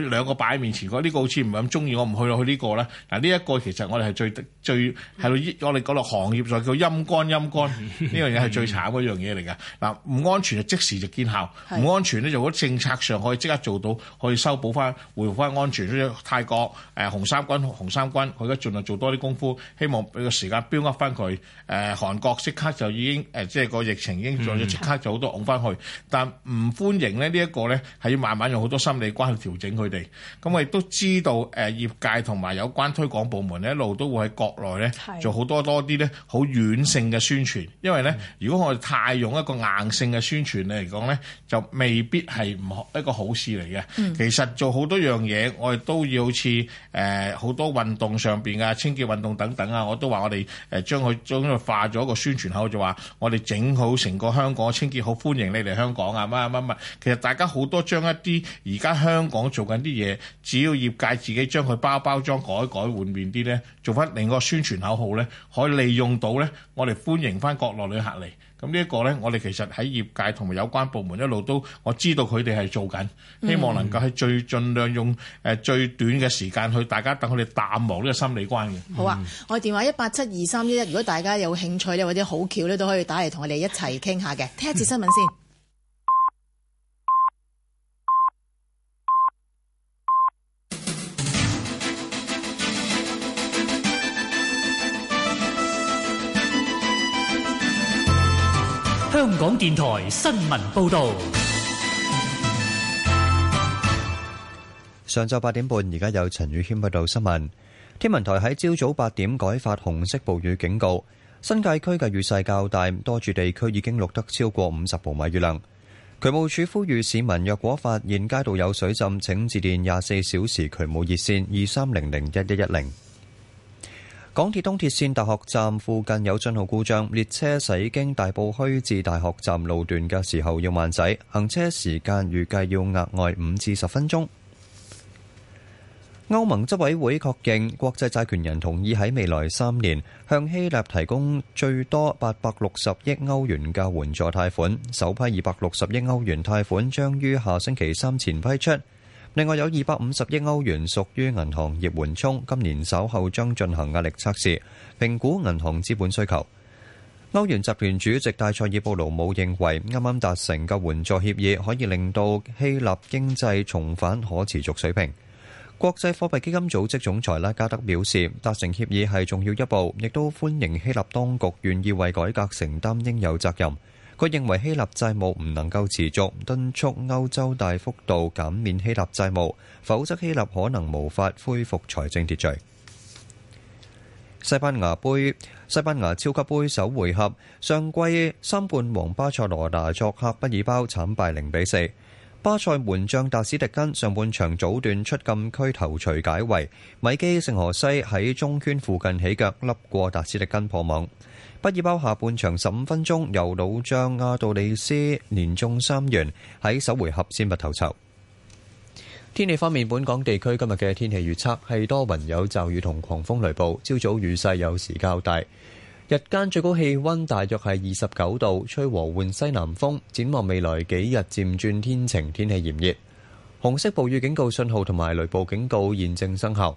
有兩個擺喺面前，嗰、這、呢個好似唔係咁鍾意，我唔去落去、這個、呢個啦。嗱，呢一個其實我哋係最最喺度、嗯。我哋講落行業就叫陰乾陰乾，呢樣嘢係最慘嗰樣嘢嚟㗎。嗱，唔安全就即時就見效，唔安全咧就果政策上可以即刻做到，可以修補翻、回復翻安全。所以泰國誒、呃、紅衫軍、紅衫軍佢而家盡量做多啲功夫，希望俾個時間標壓翻佢。誒、呃、韓國即刻就已經誒、呃，即係個疫情已經在、嗯、即刻就好多戹翻去，但唔歡迎咧、這個、呢一個咧係要慢慢用好多心理關係去調整。佢哋咁，我亦都知道誒、呃、業界同埋有關推廣部門咧，一路都會喺國內咧做好多多啲咧好軟性嘅宣傳，因為咧、嗯、如果我哋太用一個硬性嘅宣傳嚟講咧，就未必係唔、嗯、一個好事嚟嘅。其實做好多樣嘢，我哋都要好似誒好多運動上邊啊，清潔運動等等啊，我都話我哋誒將佢將佢化咗一個宣傳口，就話我哋整好成個香港清潔好，歡迎你嚟香港啊！乜乜乜，其實大家好多將一啲而家香港做。做緊啲嘢，只要業界自己將佢包包裝改改換面啲咧，做翻另一個宣傳口號咧，可以利用到咧，我哋歡迎翻國內旅客嚟。咁呢一個咧，我哋其實喺業界同埋有關部門一路都我知道佢哋係做緊，希望能夠喺最盡量用誒最短嘅時間去大家等佢哋淡忘呢個心理關嘅。嗯、好啊，我電話一八七二三一一，如果大家有興趣咧或者好巧咧，都可以打嚟同我哋一齊傾下嘅。聽一次新聞先。香港電台新聞報道：上晝八點半，而家有陳宇謙報道新聞。天文台喺朝早八點改發紅色暴雨警告，新界區嘅雨勢較大，多處地區已經錄得超過五十毫米雨量。渠務處呼籲市民，若果發現街道有水浸，請致電廿四小時渠務熱線二三零零一一一零。港鐵東鐵綫大學站附近有信號故障，列車駛經大埔墟至大學站路段嘅時候要慢駛，行車時間預計要額外五至十分鐘。歐盟執委會確認，國際債權人同意喺未來三年向希臘提供最多八百六十億歐元嘅援助貸款，首批二百六十億歐元貸款將於下星期三前批出。另外有二百五十億歐元屬於銀行業緩衝，今年稍後將進行壓力測試，評估銀行資本需求。歐元集團主席戴塞爾布魯姆認為，啱啱達成嘅援助協議可以令到希臘經濟重返可持續水平。國際貨幣基金組織總裁拉加德表示，達成協議係重要一步，亦都歡迎希臘當局願意為改革承擔應有責任。佢認為希臘債務唔能夠持續，敦促歐洲大幅度減免希臘債務，否則希臘可能無法恢復財政秩序。西班牙杯、西班牙超級杯首回合，上季三冠王巴塞羅那作客畢爾包，慘敗零比四。巴塞門將達斯迪根上半場早段出禁區頭槌解圍，米基聖荷西喺中圈附近起腳笠過達斯迪根破網。畢爾包下半場十五分鐘，由老將亞度里斯連中三元，喺首回合先拔頭籌。天氣方面，本港地區今日嘅天氣預測係多雲有驟雨同狂風雷暴，朝早雨勢有時較大，日間最高氣温大約係二十九度，吹和緩西南風。展望未來幾日，漸轉天晴，天氣炎熱。紅色暴雨警告信號同埋雷暴警告現正生效。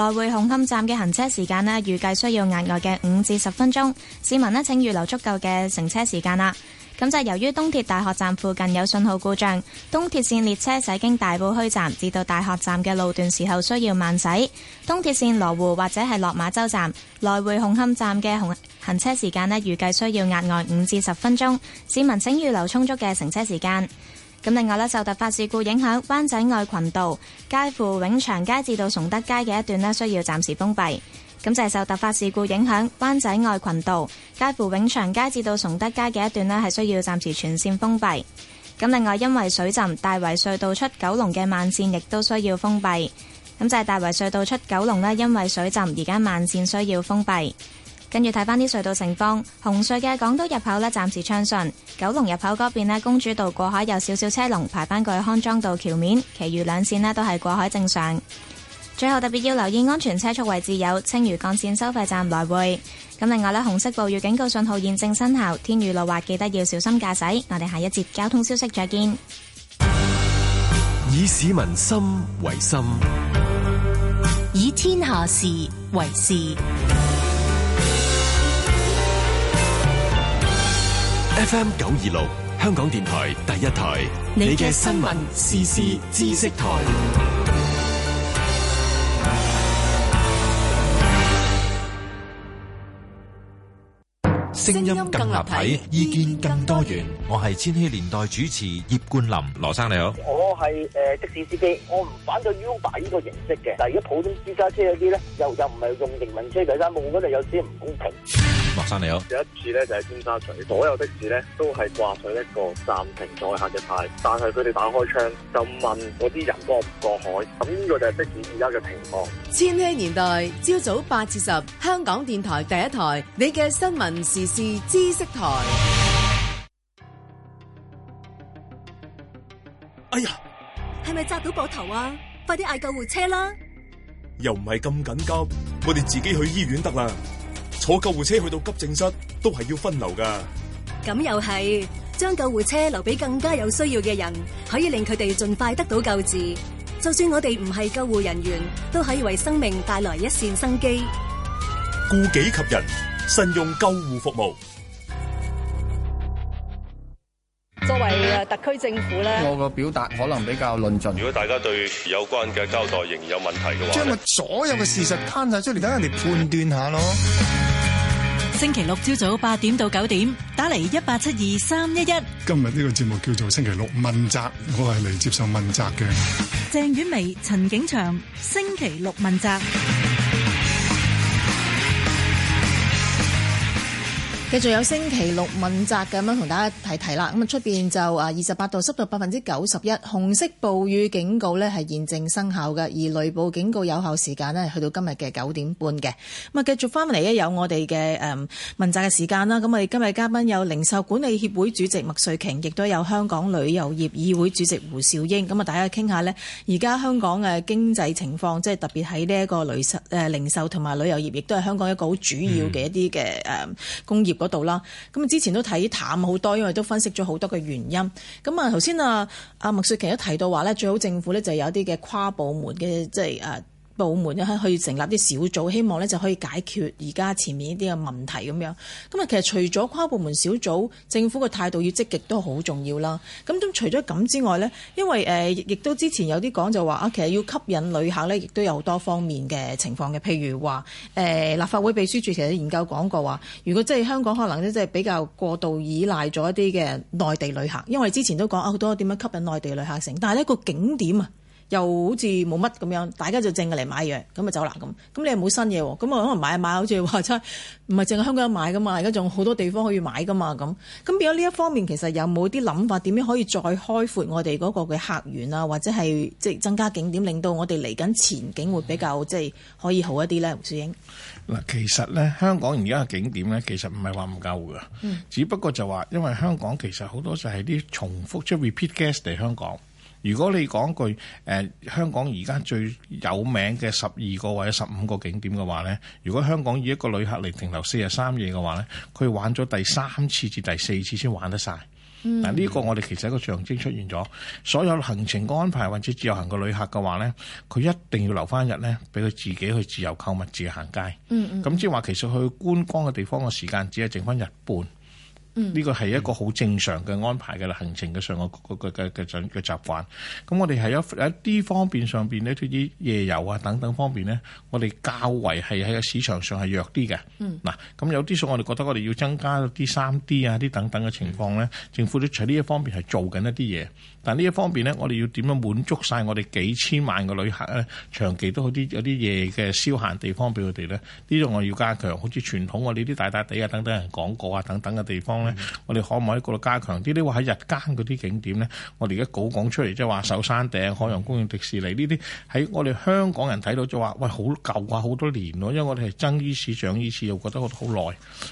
來回紅磡站嘅行車時間咧，預計需要額外嘅五至十分鐘，市民咧請預留足夠嘅乘車時間啦。咁就由於東鐵大學站附近有信號故障，東鐵綫列車駛經大埔墟站至到大學站嘅路段時候需要慢駛。東鐵綫羅湖或者係落馬洲站來回紅磡站嘅紅行車時間咧，預計需要額外五至十分鐘，市民請預留充足嘅乘車時間。咁另外咧，受突發事故影響，灣仔外群道街、乎永祥街至到崇德街嘅一段呢需要暫時封閉。咁就係、是、受突發事故影響，灣仔外群道街、乎永祥街至到崇德街嘅一段呢係需要暫時全線封閉。咁另外，因為水浸，大圍隧道出九龍嘅慢線亦都需要封閉。咁就係、是、大圍隧道出九龍呢，因為水浸，而家慢線需要封閉。跟住睇翻啲隧道情況，紅隧嘅港島入口呢，暫時暢順，九龍入口嗰邊呢，公主道過海有少少車龍，排翻過去康莊道橋面，其餘兩線呢都係過海正常。最後特別要留意安全車速位置有青嶼幹線收費站來回，咁另外呢，紅色暴雨警告信號現正生效，天雨路滑，記得要小心駕駛。我哋下一節交通消息再見。以市民心為心，以天下事為事。FM 九二六，香港電台第一台，你嘅新聞時事知識台，聲音更立體，意見更多元。我係千禧年代主持葉冠霖，羅生你好。我係誒的士司機，我唔反對 Uber 呢個形式嘅，但係如果普通私家車嗰啲咧，又又唔係用營運車嚟啦，我覺得有啲唔公平。陌生你有有一次咧，就喺尖沙咀，所有的士咧都係掛上一個暫停載客嘅牌，但係佢哋打開窗就問嗰啲人過唔過海，咁呢個就係的士而家嘅情況。千禧年代，朝早八至十，香港電台第一台，你嘅新聞時事知識台。哎呀，係咪扎到膊頭啊？快啲嗌救護車啦！又唔係咁緊急，我哋自己去醫院得啦。坐救護車去到急症室都係要分流噶，咁又係將救護車留俾更加有需要嘅人，可以令佢哋盡快得到救治。就算我哋唔係救護人員，都可以為生命帶來一線生機。顧己及人，慎用救護服務。作為特區政府咧，我個表達可能比較論盡。如果大家對有關嘅交代仍然有問題嘅話，將個所有嘅事實攤晒出嚟，等人哋判斷下咯。星期六朝早八點到九點，打嚟一八七二三一一。今日呢個節目叫做星期六問責，我係嚟接受問責嘅。鄭婉薇、陳景祥，星期六問責。繼續有星期六問責，咁樣同大家提提啦，咁啊出邊就啊二十八度，濕度百分之九十一，紅色暴雨警告呢係現正生效嘅，而雷暴警告有效時間呢去到今日嘅九點半嘅。咁啊繼續翻嚟呢，有我哋嘅誒問責嘅時間啦，咁我哋今日嘉賓有零售管理協會主席麥瑞瓊，亦都有香港旅遊業議會主席胡兆英，咁啊大家傾下呢，而家香港嘅經濟情況，即係特別喺呢一個零售誒零售同埋旅遊業，亦都係香港一個好主要嘅一啲嘅誒工業、嗯。嗰度啦，咁啊之前都睇淡好多，因為都分析咗好多嘅原因。咁啊頭先啊阿麥瑞瓊都提到話咧，最好政府咧就有啲嘅跨部門嘅，即係誒。部門去成立啲小組，希望咧就可以解決而家前面一啲嘅問題咁樣。咁啊，其實除咗跨部門小組，政府嘅態度要積極都好重要啦。咁咁除咗咁之外咧，因為亦都之前有啲講就話啊，其實要吸引旅客咧，亦都有多方面嘅情況嘅。譬如話立法會秘書處其實研究講過話，如果即係香港可能咧，即係比較過度依賴咗一啲嘅內地旅客，因為我哋之前都講啊，好多點樣吸引內地旅客成，但係一個景點啊。又好似冇乜咁樣，大家就淨係嚟買嘢，咁就走啦咁。咁你又冇新嘢喎，咁啊可能買一買,買,買，好似話齋，唔係淨係香港人買噶嘛，而家仲好多地方可以買噶嘛咁。咁變咗呢一方面，其實有冇啲諗法，點樣可以再開闊我哋嗰個嘅客源啊，或者係即增加景點，令到我哋嚟緊前景會比較、嗯、即係可以好一啲咧？胡兆英嗱，其實咧香港而家嘅景點咧，其實唔係話唔夠噶、嗯，只不過就話因為香港其實好多就係啲重複出 repeat guest 嚟香港。如果你講句誒、呃、香港而家最有名嘅十二個或者十五個景點嘅話咧，如果香港以一個旅客嚟停留四日三夜嘅話咧，佢玩咗第三次至第四次先玩得晒。嗱、嗯、呢個我哋其實一個象徵出現咗，所有行程安排或者自由行嘅旅客嘅話咧，佢一定要留翻日咧，俾佢自己去自由購物、自由行街。嗯嗯，咁即係話其實去觀光嘅地方嘅時間只係剩翻日半。呢個係一個好正常嘅安排嘅啦，行程嘅上個個嘅嘅習嘅習慣。咁我哋喺一一啲方面上邊咧，脫啲夜遊啊等等方面咧，我哋較為係喺個市場上係弱啲嘅。嗱、嗯，咁有啲數我哋覺得我哋要增加啲三 D 啊啲等等嘅情況咧、嗯，政府都喺呢一方面係做緊一啲嘢。但呢一方面咧，我哋要點樣滿足晒我哋幾千萬嘅旅客咧？長期都好啲有啲夜嘅消閒地方俾佢哋咧，呢度我要加強好似傳統我哋啲大大地啊等等人講告啊等等嘅地方咧、嗯，我哋可唔可以嗰度加強啲？呢話喺日間嗰啲景點咧，我哋而家稿講出嚟，即係話首山頂海洋公園迪士尼呢啲喺我哋香港人睇到就話喂，好舊啊，好多年咯、啊，因為我哋係曾於市長於此又覺得好耐。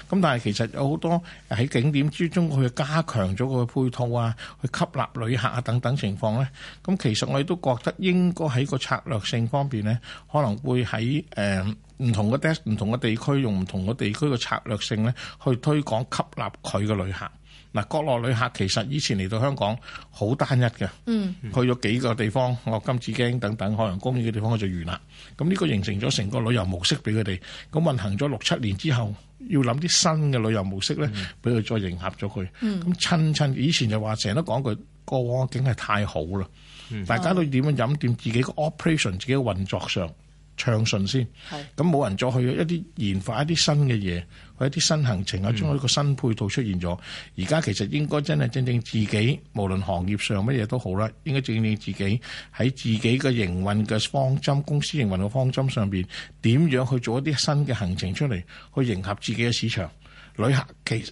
咁但係其實有好多喺景點之中佢加強咗個配套啊，去吸納旅客、啊。等等情況咧，咁其實我哋都覺得應該喺個策略性方面咧，可能會喺誒唔同嘅地唔同嘅地區用唔同嘅地區嘅策略性咧，去推廣吸納佢嘅旅客。嗱，國內旅客其實以前嚟到香港好單一嘅，嗯，去咗幾個地方，我、嗯、金紫荊等等海洋公園嘅地方我就完啦。咁、這、呢個形成咗成個旅遊模式俾佢哋。咁運行咗六七年之後，要諗啲新嘅旅遊模式咧，俾佢再迎合咗佢。咁親親以前就話成日都講句。過往嘅景係太好啦、嗯，大家都點樣飲掂自己個 operation，、嗯、自己嘅運作上暢順先。咁冇人再去一啲研發一啲新嘅嘢，去一啲新行程啊，將一個新配套出現咗。而、嗯、家其實應該真係正正自己，無論行業上乜嘢都好啦，應該正正自己喺自己嘅營運嘅方針，公司營運嘅方針上邊，點樣去做一啲新嘅行程出嚟，去迎合自己嘅市場旅客。其實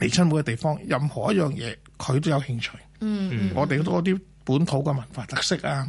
嚟親每嘅地方，任何一樣嘢，佢都有興趣，嗯嗯，我哋多啲本土嘅文化、嗯、特色啊，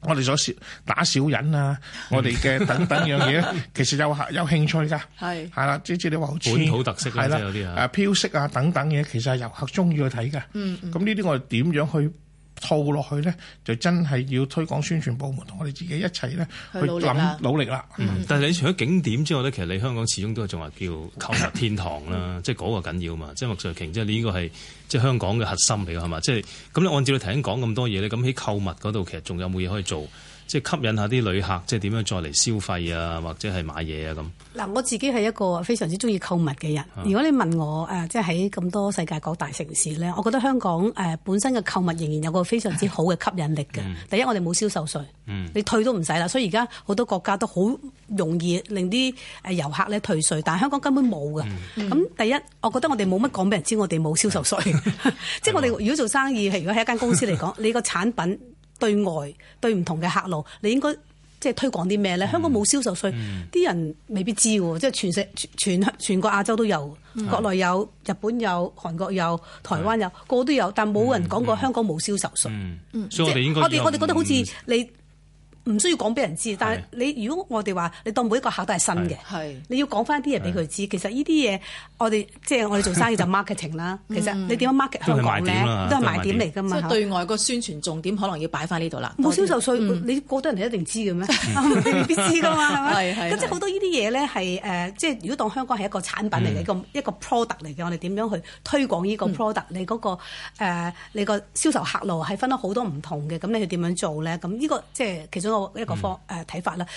我哋所小打小人啊，嗯、我哋嘅等等樣嘢 其實有客有興趣㗎，係啦是，即係、就是、你話好似本土特色啦，的有啲啊，啊飄色啊等等嘢，其實係遊客中意去睇㗎，咁呢啲我哋點樣去？套落去咧，就真係要推廣宣傳部門同我哋自己一齊咧去諗努力啦。嗯，但係你除咗景點之外咧，其實你香港始終都係仲話叫購物天堂啦， 即係嗰個緊要嘛。即係麥瑞瓊，即係呢個係即係香港嘅核心嚟㗎，係嘛？即係咁咧，你按照你頭先講咁多嘢咧，咁喺購物嗰度其實仲有冇嘢可以做？即係吸引下啲旅客，即係點樣再嚟消費啊，或者係買嘢啊咁。嗱，我自己係一個非常之中意購物嘅人、嗯。如果你問我誒，即係喺咁多世界各大城市咧，我覺得香港誒本身嘅購物仍然有個非常之好嘅吸引力嘅、嗯。第一，我哋冇銷售稅、嗯，你退都唔使啦。所以而家好多國家都好容易令啲誒遊客咧退稅，但香港根本冇嘅。咁、嗯嗯、第一，我覺得我哋冇乜講俾人知，我哋冇銷售稅。即、嗯、係 我哋如果做生意，係如果喺一間公司嚟講、嗯，你個產品。對外對唔同嘅客路，你應該即係推廣啲咩咧？香港冇銷售稅，啲、嗯、人未必知喎。即係全世全全，全個亞洲都有、嗯，國內有，日本有，韓國有，台灣有，個個都有，但冇人講過香港冇銷售稅。嗯，嗯即，所以我哋應該我哋我哋覺得好似你。唔需要講俾人知，但係你如果我哋話你當每一個客都係新嘅，你要講翻啲嘢俾佢知。其實呢啲嘢我哋即係我哋做生意就 marketing 啦。 其實你點樣 market 香港呢？咧？都係賣點嚟㗎嘛。即係對外個宣傳重點可能要擺翻呢度啦。冇銷售稅，你過多人都一定知嘅咩？唔 係 知㗎嘛，係咪？ 咁即係好多呢啲嘢咧係即係如果當香港係一個產品嚟嘅、嗯，一個 product 嚟嘅，我哋點樣去推廣呢個 product？、嗯、你嗰、嗰個、呃、你個銷售客路係分開好多唔同嘅，咁你去點樣做咧？咁呢、呢個即係其一個方誒睇法啦，誒、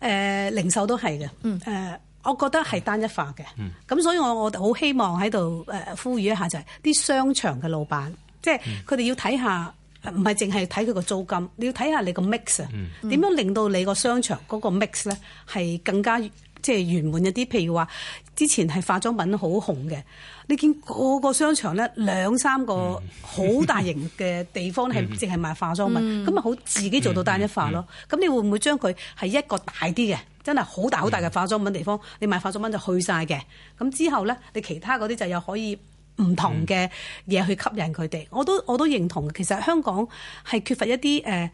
嗯呃、零售都係嘅，誒、呃、我覺得係單一化嘅，咁、嗯、所以我我好希望喺度誒呼籲一下就係啲商場嘅老闆，即係佢哋要睇下，唔係淨係睇佢個租金，你要睇下你個 mix 啊，點、嗯、樣令到你個商場嗰個 mix 咧係更加即係圓滿一啲，譬如話之前係化妝品好紅嘅。你見嗰個商場咧，兩三個好大型嘅地方係淨係賣化妝品，咁啊好自己做到單一化咯。咁 你會唔會將佢係一個大啲嘅，真係好大好大嘅化妝品地方，你賣化妝品就去晒嘅。咁之後咧，你其他嗰啲就有可以唔同嘅嘢去吸引佢哋。我都我都認同，其實香港係缺乏一啲誒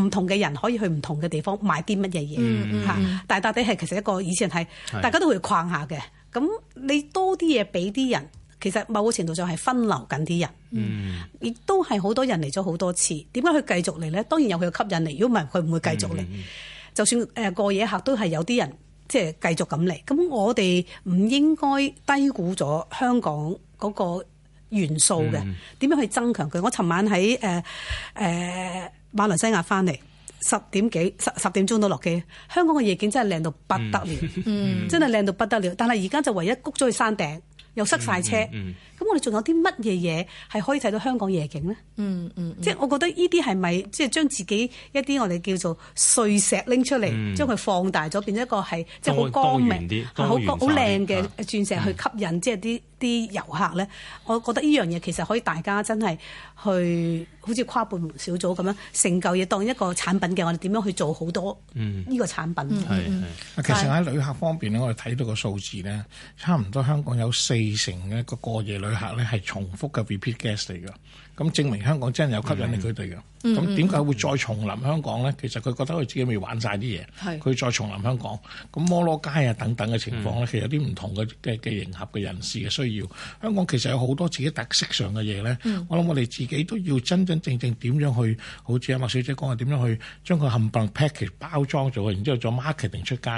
唔同嘅人可以去唔同嘅地方買啲乜嘢嘢嚇。但笪地係其實一個以前係大家都會逛下嘅。咁你多啲嘢俾啲人，其實某個程度上係分流緊啲人，亦、嗯、都係好多人嚟咗好多次。點解佢繼續嚟咧？當然有佢嘅吸引力，如果唔係佢唔會繼續嚟、嗯嗯。就算誒過夜客都係有啲人即係繼續咁嚟。咁我哋唔應該低估咗香港嗰個元素嘅點樣去增強佢。我尋晚喺誒誒馬來西亞翻嚟。十點幾十十點鐘都落機，香港嘅夜景真係靚到不得了，嗯、真係靚到不得了。但係而家就唯一谷咗去山頂。又塞晒車，咁、嗯嗯、我哋仲有啲乜嘢嘢係可以睇到香港夜景呢？嗯嗯，即、就、係、是、我覺得呢啲係咪即係將自己一啲我哋叫做碎石拎出嚟、嗯，將佢放大咗，變咗一個係即係好光明、好好靚嘅鑽石去吸引即係啲啲遊客咧？我覺得呢樣嘢其實可以大家真係去好似跨部門小組咁樣成嚿嘢當一個產品嘅，我哋點樣去做好多呢個產品？嗯、其實喺旅客方面咧，我哋睇到個數字咧，差唔多香港有四二成嘅一個過夜旅客咧，係重複嘅 repeat guest 嚟噶。咁證明香港真係有吸引力佢哋嘅，咁點解會再重臨香港咧？Mm -hmm. 其實佢覺得佢自己未玩晒啲嘢，佢、mm -hmm. 再重臨香港，咁摩羅街啊等等嘅情況咧，mm -hmm. 其實有啲唔同嘅嘅嘅迎合嘅人士嘅需要。香港其實有好多自己特色上嘅嘢咧，mm -hmm. 我諗我哋自己都要真真正正點樣去，好似阿麥小姐講話點樣去將佢冚唪唥 package 包裝咗，然之後做 marketing 出街。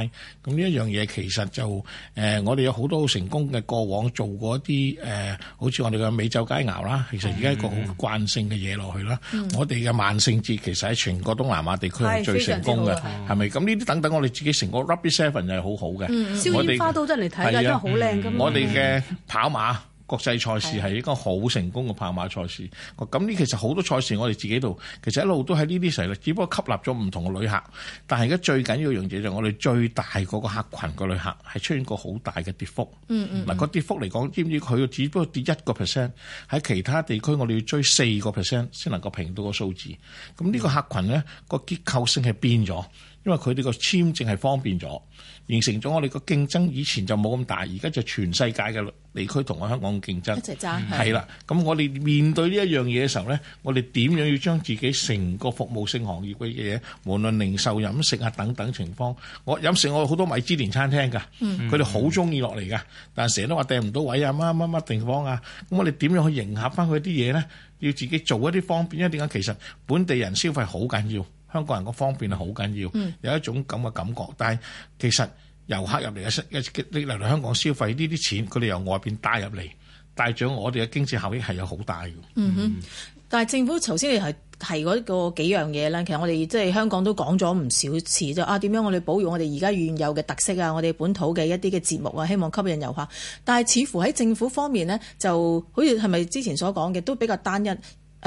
咁呢一樣嘢其實就誒、呃，我哋有好多好成功嘅過往做過一啲誒、呃，好似我哋嘅美酒佳餚啦，其實而家一個好。慣性嘅嘢落去啦、嗯，我哋嘅萬聖節其實喺全國東南亞地區係最成功嘅，係咪？咁呢啲等等，我哋自己成個 Rugby Seven 又係好好嘅、嗯，我哋花都真係睇嘅，因為好靚噶嘛。我哋嘅跑馬。 國際賽事係一個好成功嘅跑馬賽事，咁呢其實好多賽事我哋自己度其實一路都喺呢啲時候，只不過吸納咗唔同嘅旅客。但係而家最緊要一樣嘢就係我哋最大嗰個客群嘅旅客係出現過好大嘅跌幅，嗱嗯嗯嗯、個跌幅嚟講，知唔知佢只不過跌一個 percent，喺其他地區，我哋要追四個 percent，先能夠平到個數字。咁呢個客群咧、個結構性係變咗。因為佢哋個簽證係方便咗，形成咗我哋個競爭。以前就冇咁大，而家就全世界嘅地區同我香港競爭。一齊係啦。咁、嗯、我哋面對呢一樣嘢嘅時候咧，我哋點樣要將自己成個服務性行業嘅嘢，無論零售、飲食啊等等情況，我飲食我好多米芝蓮餐廳噶，佢哋好中意落嚟噶，但係成日都話訂唔到位啊，乜乜乜地方啊。咁我哋點樣去迎合翻佢啲嘢咧？要自己做一啲方便。因為點解其實本地人消費好緊要。香港人個方便係好緊要，有一種咁嘅感覺。嗯、但係其實遊客入嚟嘅新，嚟嚟香港消費呢啲錢，佢哋由外邊帶入嚟，帶咗我哋嘅經濟效益係有好大嘅。嗯哼，嗯、但係政府頭先係係嗰個幾樣嘢咧，其實我哋即係香港都講咗唔少次就啊，點樣我哋保育我哋而家原有嘅特色啊，我哋本土嘅一啲嘅節目啊，希望吸引遊客。但係似乎喺政府方面呢，就好似係咪之前所講嘅，都比較單一。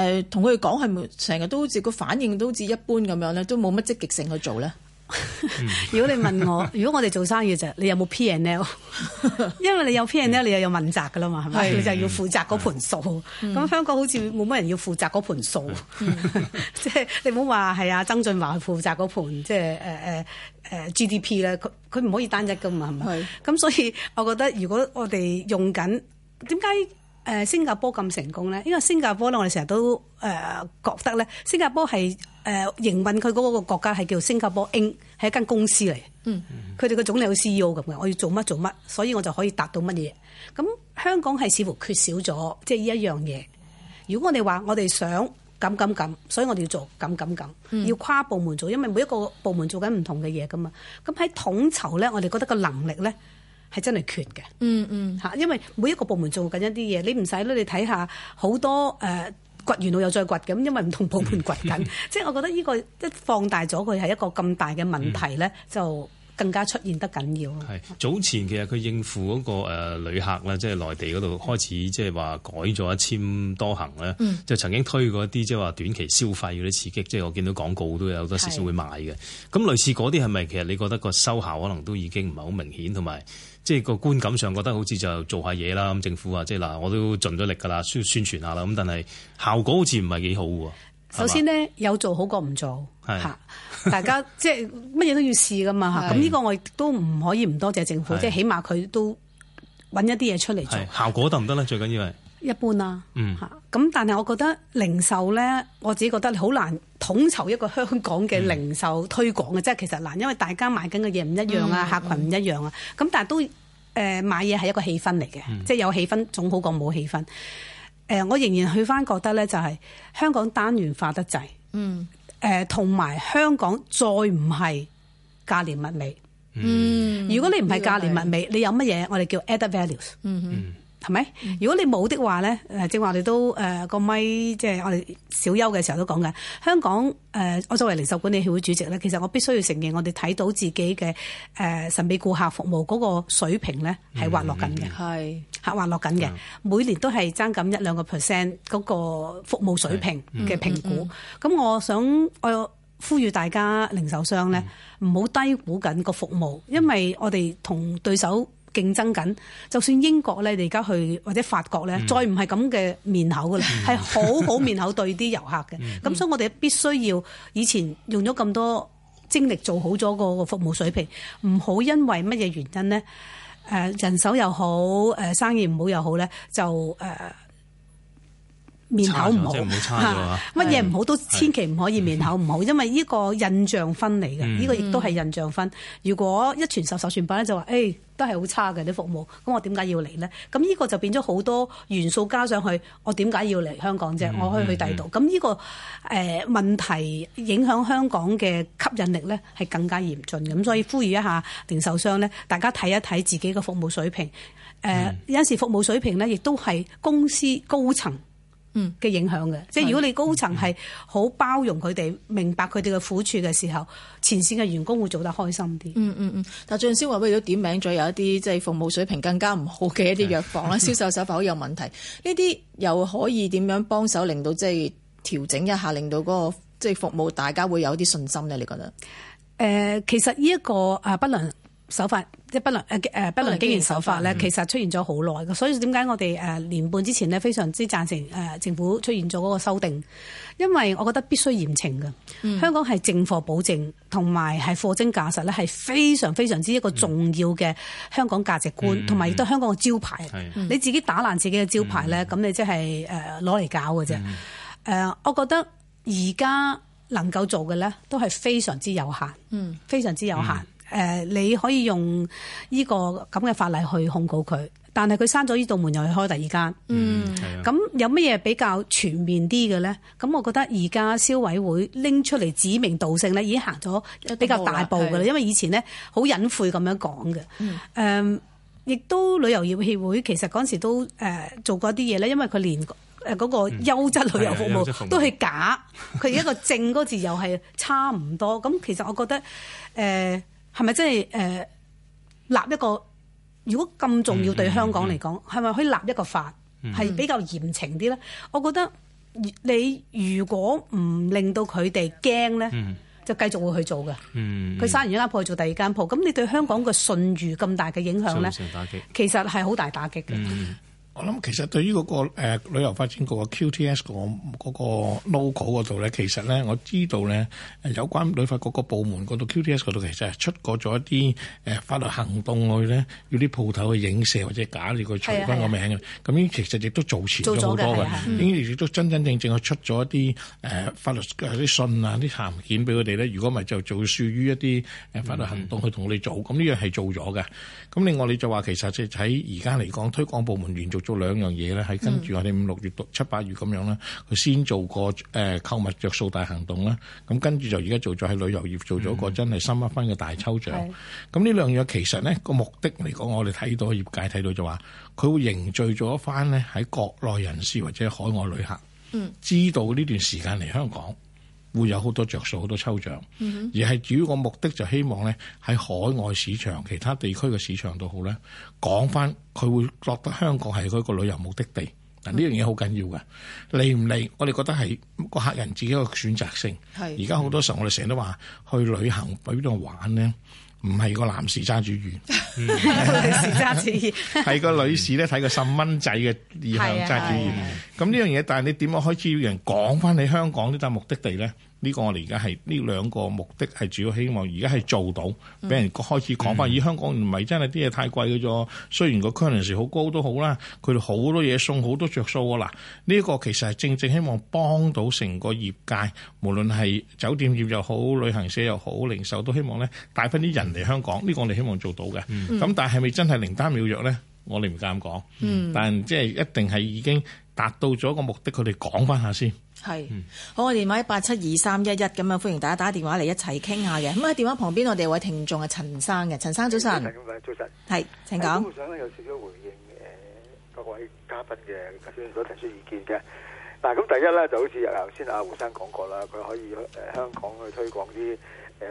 誒、呃，同佢哋講係咪，成日都好似個反應都好似一般咁樣咧，都冇乜積極性去做咧。嗯、 如果你問我，如果我哋做生意就係、你有冇 P n L？ 因為你有 P n L，嗯、你又有問責噶啦嘛，係咪、嗯？你就要負責嗰盤數。咁、嗯、香港好似冇乜人要負責嗰盤數，即、嗯、係、 即係、你唔好話係啊，曾俊華去負責嗰盤，即係誒誒誒 GDP 咧。佢佢唔可以單一噶嘛，係咪？咁所以我覺得，如果我哋用緊，點解？誒，新加坡咁成功咧，因為新加坡咧，我哋成日都誒覺得咧，新加坡係誒營運佢嗰個國家係叫新加坡 Inc 係一間公司嚟。嗯，佢哋個總理好似 CEO 咁嘅，我要做乜做乜，所以我就可以達到乜嘢。咁香港係似乎缺少咗即係呢一樣嘢。如果我哋話我哋想噉噉噉，所以我哋要做噉噉噉，要跨部門做，因為每一個部門做緊唔同嘅嘢㗎嘛。咁喺統籌咧，我哋覺得個能力咧。係真係缺嘅，嗯嗯嚇，因為每一個部門做緊一啲嘢，你唔使咧，你睇下好多誒、呃、掘完路又再掘咁，因為唔同部門掘緊， 即係我覺得呢、這個一放大咗，佢係一個咁大嘅問題咧、嗯，就更加出現得緊要咯。係早前其實佢應付嗰個旅、呃呃、客咧，即係內地嗰度開始即係話改咗一簽多行咧、嗯，就曾經推過一啲即係話短期消費嗰啲刺激，即、嗯、係、就是、我見到廣告都有多少少會賣嘅。咁類似嗰啲係咪其實你覺得個收效可能都已經唔係好明顯，同埋？即係個觀感上覺得好似就做下嘢啦，咁政府啊，即係嗱，我都盡咗力噶啦，宣宣傳下啦，咁但係效果好似唔係幾好喎。首先呢，有做好過唔做嚇，大家 即係乜嘢都要試噶嘛嚇，咁呢個我亦都唔可以唔多謝政府，即係、就是、起碼佢都揾一啲嘢出嚟做，效果得唔得咧？最緊要係。一般啦、啊、嚇，咁、嗯、但係我覺得零售咧，我自己覺得好難統籌一個香港嘅零售推廣嘅，即、嗯、係其實難，因為大家買緊嘅嘢唔一樣啊、嗯，客群唔一樣啊，咁、嗯、但係都誒、呃、買嘢係一個氣氛嚟嘅、嗯，即係有氣氛總好過冇氣氛。誒、呃，我仍然去翻覺得咧，就係香港單元化得滯，嗯，誒同埋香港再唔係價廉物美，嗯，如果你唔係價廉物美，你有乜嘢我哋叫 add values，嗯。嗯係咪？如果你冇的話咧，誒，正話你都誒個咪，即係我哋小休嘅時候都講嘅。香港誒，我作為零售管理協會主席咧，其實我必須要承認，我哋睇到自己嘅誒神秘顧客服務嗰個水平咧，係滑落緊嘅，係係滑落緊嘅。每年都係爭緊一兩個 percent 嗰個服務水平嘅評估。咁我想我呼籲大家零售商咧，唔好低估緊個服務，因為我哋同對手。競爭緊，就算英國咧，你而家去或者法國咧，嗯、再唔係咁嘅面口嘅喇，係、嗯、好好面口對啲遊客嘅。咁、嗯、所以，我哋必須要以前用咗咁多精力做好咗個服務水平，唔好因為乜嘢原因咧、呃，人手又好、呃，生意唔好又好咧，就、呃面口唔好，乜嘢唔好都千祈唔可以面口唔好、哎，因為呢個印象分嚟嘅，呢、嗯這個亦都係印象分、嗯。如果一傳十十傳百咧，就話誒都係好差嘅啲服務，咁我點解要嚟呢？咁呢個就變咗好多元素加上去，我點解要嚟香港啫、嗯？我可以去第二度。咁、嗯、呢、嗯、個誒問題影響香港嘅吸引力呢，係更加嚴峻。咁所以呼籲一下零售商呢，大家睇一睇自己嘅服務水平。誒、嗯呃、有陣時服務水平呢，亦都係公司高層。嗯嘅影響嘅，即係如果你高層係好包容佢哋、嗯，明白佢哋嘅苦處嘅時候，前線嘅員工會做得開心啲。嗯嗯嗯。但係最近消委會亦都點名咗有一啲即係服務水平更加唔好嘅一啲藥房啦，銷售手法好有問題。呢 啲又可以點樣幫手令到即係調整一下，令到嗰個即係服務大家會有啲信心呢？你覺得？誒、呃，其實呢一個啊，不能。手法即係不良、啊、不良經營手法咧，其實出現咗好耐嘅，所以點解我哋誒年半之前呢，非常之贊成誒政府出現咗嗰個修訂，因為我覺得必須嚴懲嘅、嗯。香港係正貨保證同埋係貨真價實咧，係非常非常之一個重要嘅香港價值觀，同埋亦都香港嘅招牌、嗯。你自己打爛自己嘅招牌咧，咁、嗯、你即係誒攞嚟搞嘅啫。誒、嗯呃，我覺得而家能夠做嘅咧，都係非常之有限，嗯，非常之有限。嗯誒、呃，你可以用呢個咁嘅法例去控告佢，但係佢閂咗呢道門，又去開第二間。嗯，係啊。咁有乜嘢比較全面啲嘅咧？咁我覺得而家消委會拎出嚟指名道姓咧，已經行咗比較大步噶啦。因為以前咧，好隱晦咁樣講嘅。嗯。亦、呃、都旅遊業協會其實嗰陣時都誒做過啲嘢咧，因為佢連嗰個優質旅遊服務、嗯、服務都係假，佢一個正嗰字又係差唔多。咁 其實我覺得誒。呃係咪真係誒、呃、立一個？如果咁重要對香港嚟講，係、嗯、咪、嗯嗯、可以立一個法係、嗯、比較嚴懲啲咧？我覺得你如果唔令到佢哋驚咧，就繼續會去做嘅。佢、嗯嗯、生完一間鋪去做第二間鋪，咁你對香港嘅信譽咁大嘅影響咧，其實係好大打擊嘅。嗯我諗其實對於嗰、那個誒、呃、旅遊發展局個 QTS、那個嗰、那個 logo 嗰度咧，其實咧我知道咧，有關旅發局個部門嗰度 QTS 嗰度，其實出過咗一啲誒法律行動去咧，要啲鋪頭去影射或者假住佢取翻個名嘅。咁呢，其實亦都做前咗好多嘅。呢亦都真真正正去出咗一啲誒法律啲信啊、啲函件俾佢哋咧。如果唔係就做屬於一啲誒法律行動去同佢哋做。咁、嗯、呢樣係做咗嘅。咁另外你就話其實就喺而家嚟講，推廣部門連續做兩樣嘢咧，係跟住我哋五六月到七八月咁樣啦。佢先做過誒購物着數大行動啦。咁跟住就而家做咗喺旅遊業做咗個真係三一分嘅大抽獎。咁、嗯、呢兩樣其實呢個目的嚟講，我哋睇到業界睇到就話，佢會凝聚咗一翻呢喺國內人士或者海外旅客，知道呢段時間嚟香港。會有好多着數，好多抽獎，嗯、而係主要個目的就希望咧喺海外市場、其他地區嘅市場都好咧，講翻佢會覺得香港係佢個旅遊目的地。嗱、嗯、呢樣嘢好緊要嘅，嚟唔嚟我哋覺得係個客人自己嘅選擇性。而家好多時候我哋成日都話去旅行去邊度玩咧。唔係個男士揸住魚，係、嗯、個 女士咧睇個十蚊仔嘅意向揸住魚。咁呢、啊嗯、樣嘢，但係你點樣開始要人講翻你香港呢笪目的地咧？呢個我哋而家係呢兩個目的係主要希望，而家係做到，俾、嗯、人開始講翻。嗯、以香港唔係真係啲嘢太貴嘅啫。雖然個 currency 好高都好啦，佢哋好多嘢送好多着數啊！嗱，呢個其實係正正希望幫到成個業界，無論係酒店業又好，旅行社又好，零售都希望咧帶翻啲人嚟香港。呢、呢個我哋希望做到嘅。咁、嗯嗯、但係咪真係靈丹妙藥咧？我哋唔敢講。嗯嗯、但係即係一定係已經達到咗個目的，佢哋講翻下先。係、嗯，好，我哋買一八七二三一一，咁啊，歡迎大家打電話嚟一齊傾下嘅。咁喺電話旁邊，我哋有位聽眾係陳生嘅，陳生早晨。係咁樣，早晨。係，請講。咁、嗯、我想有少少回應誒各位嘉賓嘅所提出意見嘅。嗱，咁第一咧，就好似頭先阿胡生講過啦，佢可以誒香港去推廣啲誒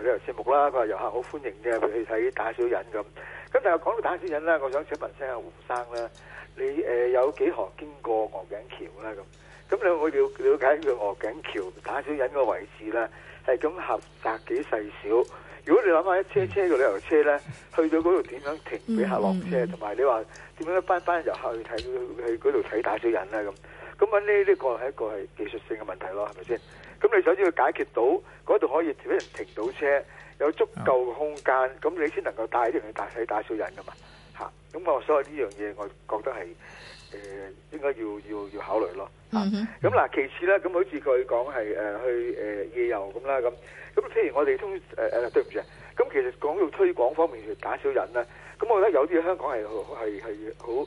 旅遊節目啦。佢話遊客好歡迎嘅，譬如睇打小人咁。咁但係講到打小人咧，我想請問聲阿胡生咧，你誒、呃、有幾何經過鵝頸橋咧咁？咁你會了了解佢鵝頸橋打小人個位置咧，係咁狹窄幾細小。如果你諗下一車車個旅遊車咧，去到嗰度點樣停俾客落車，同、嗯、埋、嗯嗯、你話點樣一班班遊客去睇去嗰度睇打小人咧咁。咁咁呢呢個係一個係技術性嘅問題咯，係咪先？咁你首先要解決到嗰度可以俾人停到車，有足夠嘅空間，咁你先能夠帶啲人去打去打小人噶嘛？吓，咁我所以呢樣嘢，我覺得係。誒，應該要要要考慮咯。咁、mm、嗱 -hmm. 啊，其次咧，咁好似佢講係誒去誒、呃、夜遊咁啦，咁咁。譬如我哋通誒、呃，對唔住，咁其實講到推廣方面，打小人咧，咁我覺得有啲香港係係係好誒，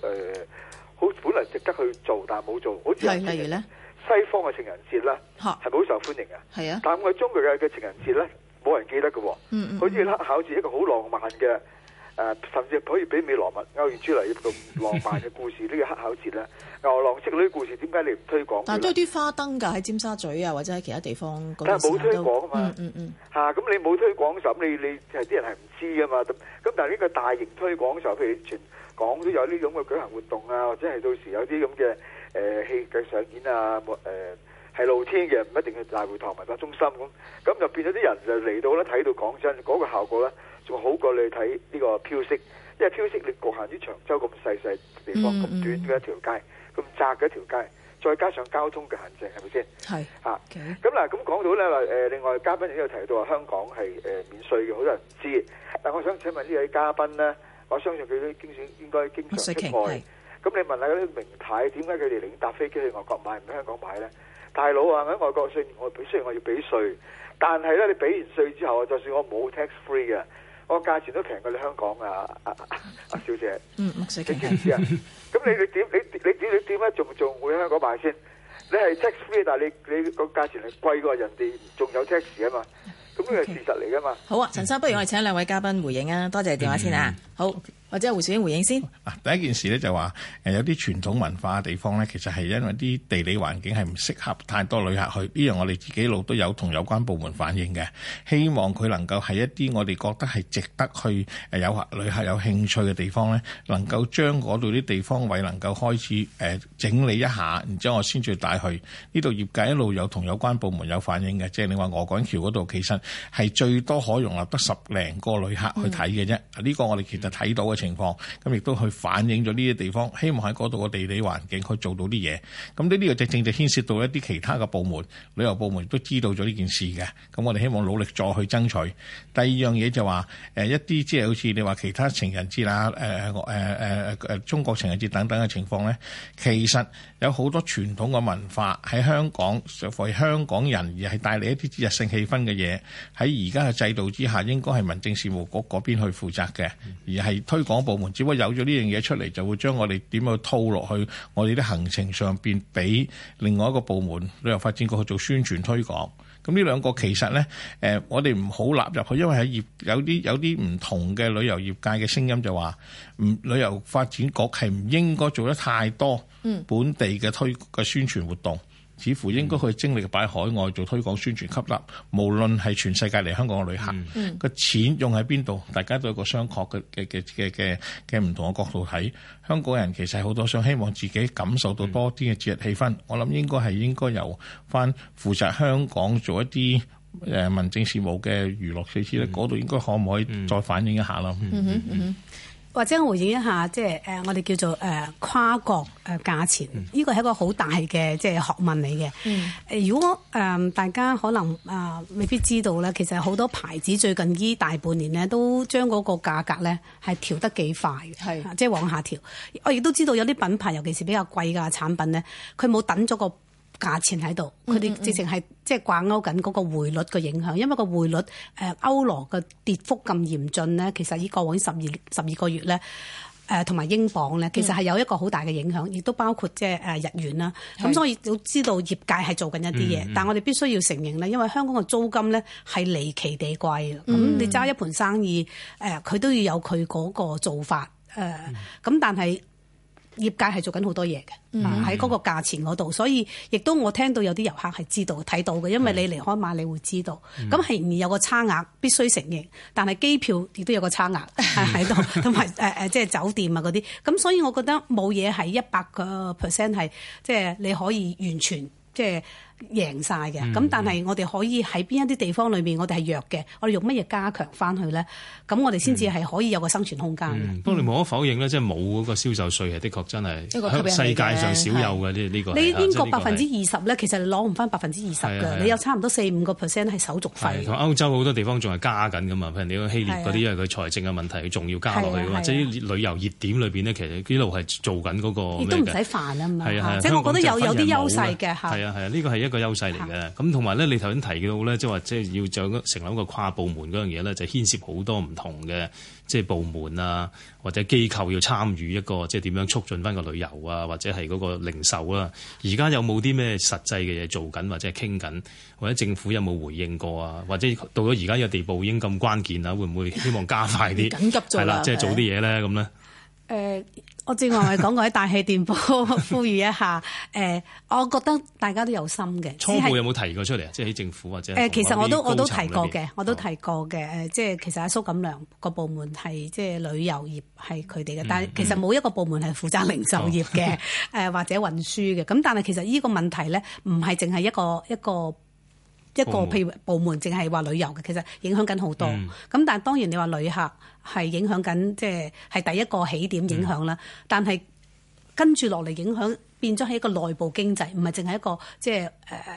好、呃、本來值得去做，但係冇做。好似例如咧，西方嘅情人節啦，吓係咪好受歡迎啊？係啊，但係我哋中國嘅嘅情人節咧，冇人記得㗎。嗯嗯，好似拉考住一個好浪漫嘅。誒，甚至可以俾美羅物勾結出嚟一個浪漫嘅故事，呢個乞巧節咧，牛郎織女故事點解你唔推廣？但都有啲花燈㗎，喺尖沙咀啊，或者喺其他地方。那個、但係冇推廣啊嘛，嗯嗯嗯，咁、啊、你冇推廣，什麼？你你係啲人係唔知㗎嘛？咁咁，但係呢個大型推廣時候，譬如全港都有呢種嘅舉行活動啊，或者係到時有啲咁嘅誒戲嘅上演啊，誒、呃、係露天嘅，唔一定係大會堂文化中心咁，咁就變咗啲人就嚟到咧睇到，講真嗰、那個效果咧。仲好過你睇呢個飄色，因為飄色你侷限於長洲咁細細地方、咁短嘅一條街、咁窄嘅一條街，再加上交通嘅限制，係咪先？係啊，咁嗱，咁講到咧話，誒，另外嘉賓亦都有提到，香港係誒免稅嘅，好多人唔知。但我想請問呢位嘉賓咧，我相信佢哋經常應該經常出外。麥瑞瓊，係，咁你問下嗰啲名太點解佢哋寧搭飛機去外國買唔喺香港買咧？大佬啊，喺外國稅，我雖然我要俾稅，但係咧你俾完稅之後，就算我冇 tax free 嘅。個價錢都平過你香港啊，阿、啊啊、小姐。嗯，麥瑞瓊啊咁你啊。點 你你點你點解仲仲會喺香港買先？你係 tax free，但係你你個價錢係貴過人哋，仲有 tax 啊嘛。咁呢個係事實嚟㗎嘛。Okay. 好啊，陳生，不如我哋請兩位嘉賓回應啊。多謝你電話先啊。嗯、好。Okay. 或者胡小姐回應先。啊，第一件事咧就話誒有啲傳統文化嘅地方咧，其實係因為啲地理環境係唔適合太多旅客去。呢樣，我哋自己一路都有同有關部門反映嘅，希望佢能夠係一啲我哋覺得係值得去誒有客旅客有興趣嘅地方咧，能夠將嗰度啲地方位能夠開始誒整理一下，然之後我先至帶去呢度。業界一路有同有關部門有反映嘅，即係你話鵝頸橋嗰度其實係最多可容納得十零個旅客去睇嘅啫。呢、嗯，呢個我哋其實睇到嘅。情況咁亦都去反映咗呢啲地方，希望喺嗰度嘅地理環境去做到啲嘢。咁呢啲嘅正正就牽涉到一啲其他嘅部門，旅遊部門都知道咗呢件事嘅。咁我哋希望努力再去爭取。第二樣嘢就話誒一啲即係好似你話其他情人節啦誒誒誒誒中國情人節等等嘅情況咧，其實有好多傳統嘅文化喺香港所謂香港人而係帶嚟一啲節日性氣氛嘅嘢，喺而家嘅制度之下應該係民政事務局嗰邊去負責嘅，而係推廣。港部門只不過有咗呢樣嘢，出嚟，就會將我哋點樣套落去我哋啲行程上邊，俾另外一個部門旅遊發展局去做宣傳推廣。咁呢兩個其實呢，誒、呃，我哋唔好納入去，因為喺業有啲有啲唔同嘅旅遊業界嘅聲音就話，唔旅遊發展局係唔應該做得太多本地嘅推嘅宣傳活動。嗯。似乎應該去精力擺海外做推廣宣傳，吸納無論係全世界嚟香港嘅旅客個、嗯、錢用喺邊度，大家都有一個商榷嘅嘅嘅嘅嘅唔同嘅角度睇。香港人其實好多想希望自己感受到多啲嘅節日氣氛，嗯、我諗應該係應該由返負責香港做一啲誒民政事務嘅娛樂設施咧，嗰、嗯、度應該可唔可以再反映一下咯？嗯嗯嗯嗯嗯或者我回應一下，即係誒我哋叫做誒跨國誒價錢，呢個係一個好大嘅即係學問嚟嘅。如果誒、呃、大家可能啊、呃、未必知道咧，其實好多牌子最近呢大半年咧，都將嗰個價格咧係調得幾快嘅，即係、就是、往下調。我亦都知道有啲品牌，尤其是比較貴嘅產品咧，佢冇等咗個。價錢喺度，佢哋直情係即係掛鈎緊嗰個匯率嘅影響，因為個匯率誒歐羅嘅跌幅咁嚴峻咧，其實以過往十二十二個月咧誒同埋英鎊咧，其實係有一個好大嘅影響，亦都包括即係誒日元啦。咁所以我知道業界係做緊一啲嘢、嗯嗯，但係我哋必須要承認咧，因為香港嘅租金咧係離奇地貴嘅。咁、嗯嗯、你揸一盤生意誒，佢、呃、都要有佢嗰個做法誒。咁、呃、但係。業界係做緊好多嘢嘅，喺嗰個價錢嗰度，所以亦都我聽到有啲遊客係知道睇到嘅，因為你離開嘛，你會知道。咁係、嗯、有個差額必須承認，但係機票亦都有個差額喺喺度，同埋誒誒即係酒店啊嗰啲。咁所以我覺得冇嘢係一百個 percent 係即係你可以完全即係。就是贏晒嘅，咁但係我哋可以喺邊一啲地方裏面，我哋係弱嘅，我哋用乜嘢加強翻去咧？咁我哋先至係可以有個生存空間。不、嗯、過、嗯嗯、你無可否認咧，即係冇嗰個銷售稅係的確真係世界上少有嘅呢呢個、這個。你英國百分之二十咧，其實攞唔翻百分之二十嘅，你有差唔多四五個 percent 係手續費。同歐洲好多地方仲係加緊噶嘛，譬如你講希臘嗰啲，因為佢財政嘅問題，佢仲要加落去啊嘛。即係啲旅遊熱點裏邊咧，其實呢度係做緊嗰個。亦都唔使煩啊嘛，即係我覺得有有啲優勢嘅嚇。係啊係啊，呢、這個係。一個優勢嚟嘅，咁同埋咧，你頭先提到咧，即係話即係要就成立一個跨部門嗰樣嘢咧，就是、牽涉好多唔同嘅即係部門啊，或者機構要參與一個即係點樣促進翻個旅遊啊，或者係嗰個零售啊。而家有冇啲咩實際嘅嘢做緊，或者傾緊，或者政府有冇回應過啊？或者到咗而家嘅地步已經咁關鍵啊，會唔會希望加快啲？ 緊急做啦，係啦，即係、就是、做啲嘢咧咁咧。誒。我正話咪講過喺大氣電波呼籲一下，誒、呃，我覺得大家都有心嘅。初步有冇提過出嚟啊？即係喺政府或者誒，其實我都我都提過嘅，我都提過嘅。誒、哦、即、呃、係其實阿蘇錦良個部門係即係旅遊業係佢哋嘅，嗯嗯但係其實冇一個部門係負責零售業嘅，誒、哦、或者運輸嘅。咁但係其實呢個問題咧，唔係淨係一個一個。一個一個譬如部門，淨係話旅遊嘅，其實影響緊好多。咁、嗯、但係當然你話旅客係影響緊，即係係第一個起點影響啦。嗯、但係跟住落嚟影響。變咗係一個內部經濟，唔係淨係一個即係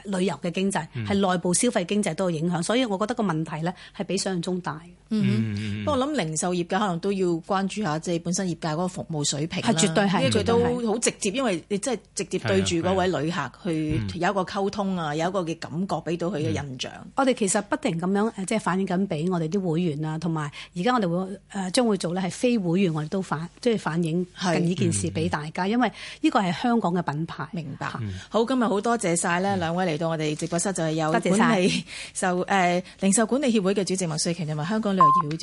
誒旅遊嘅經濟，係內部消費經濟都有影響，所以我覺得個問題咧係比想象中大。不、嗯、過、嗯、我諗零售業嘅可能都要關注一下，即係本身業界嗰個服務水平啦、絕對係，因為佢都好直接，因為你即係直接對住嗰位旅客去有一個溝通啊、嗯，有一個嘅感覺俾到佢嘅印象。嗯嗯、我哋其實不停咁樣即係反映緊俾我哋啲會員啊，同埋而家我哋會誒將會做咧係非會員，我哋都反即係反映近呢件事俾大家，因為呢個係香港。嘅品牌，明白。好，今日好多謝晒咧，兩位嚟到我哋直播室，就係、是、有管理受誒、呃、零售管理協會嘅主席麥瑞瓊同埋香港旅遊業。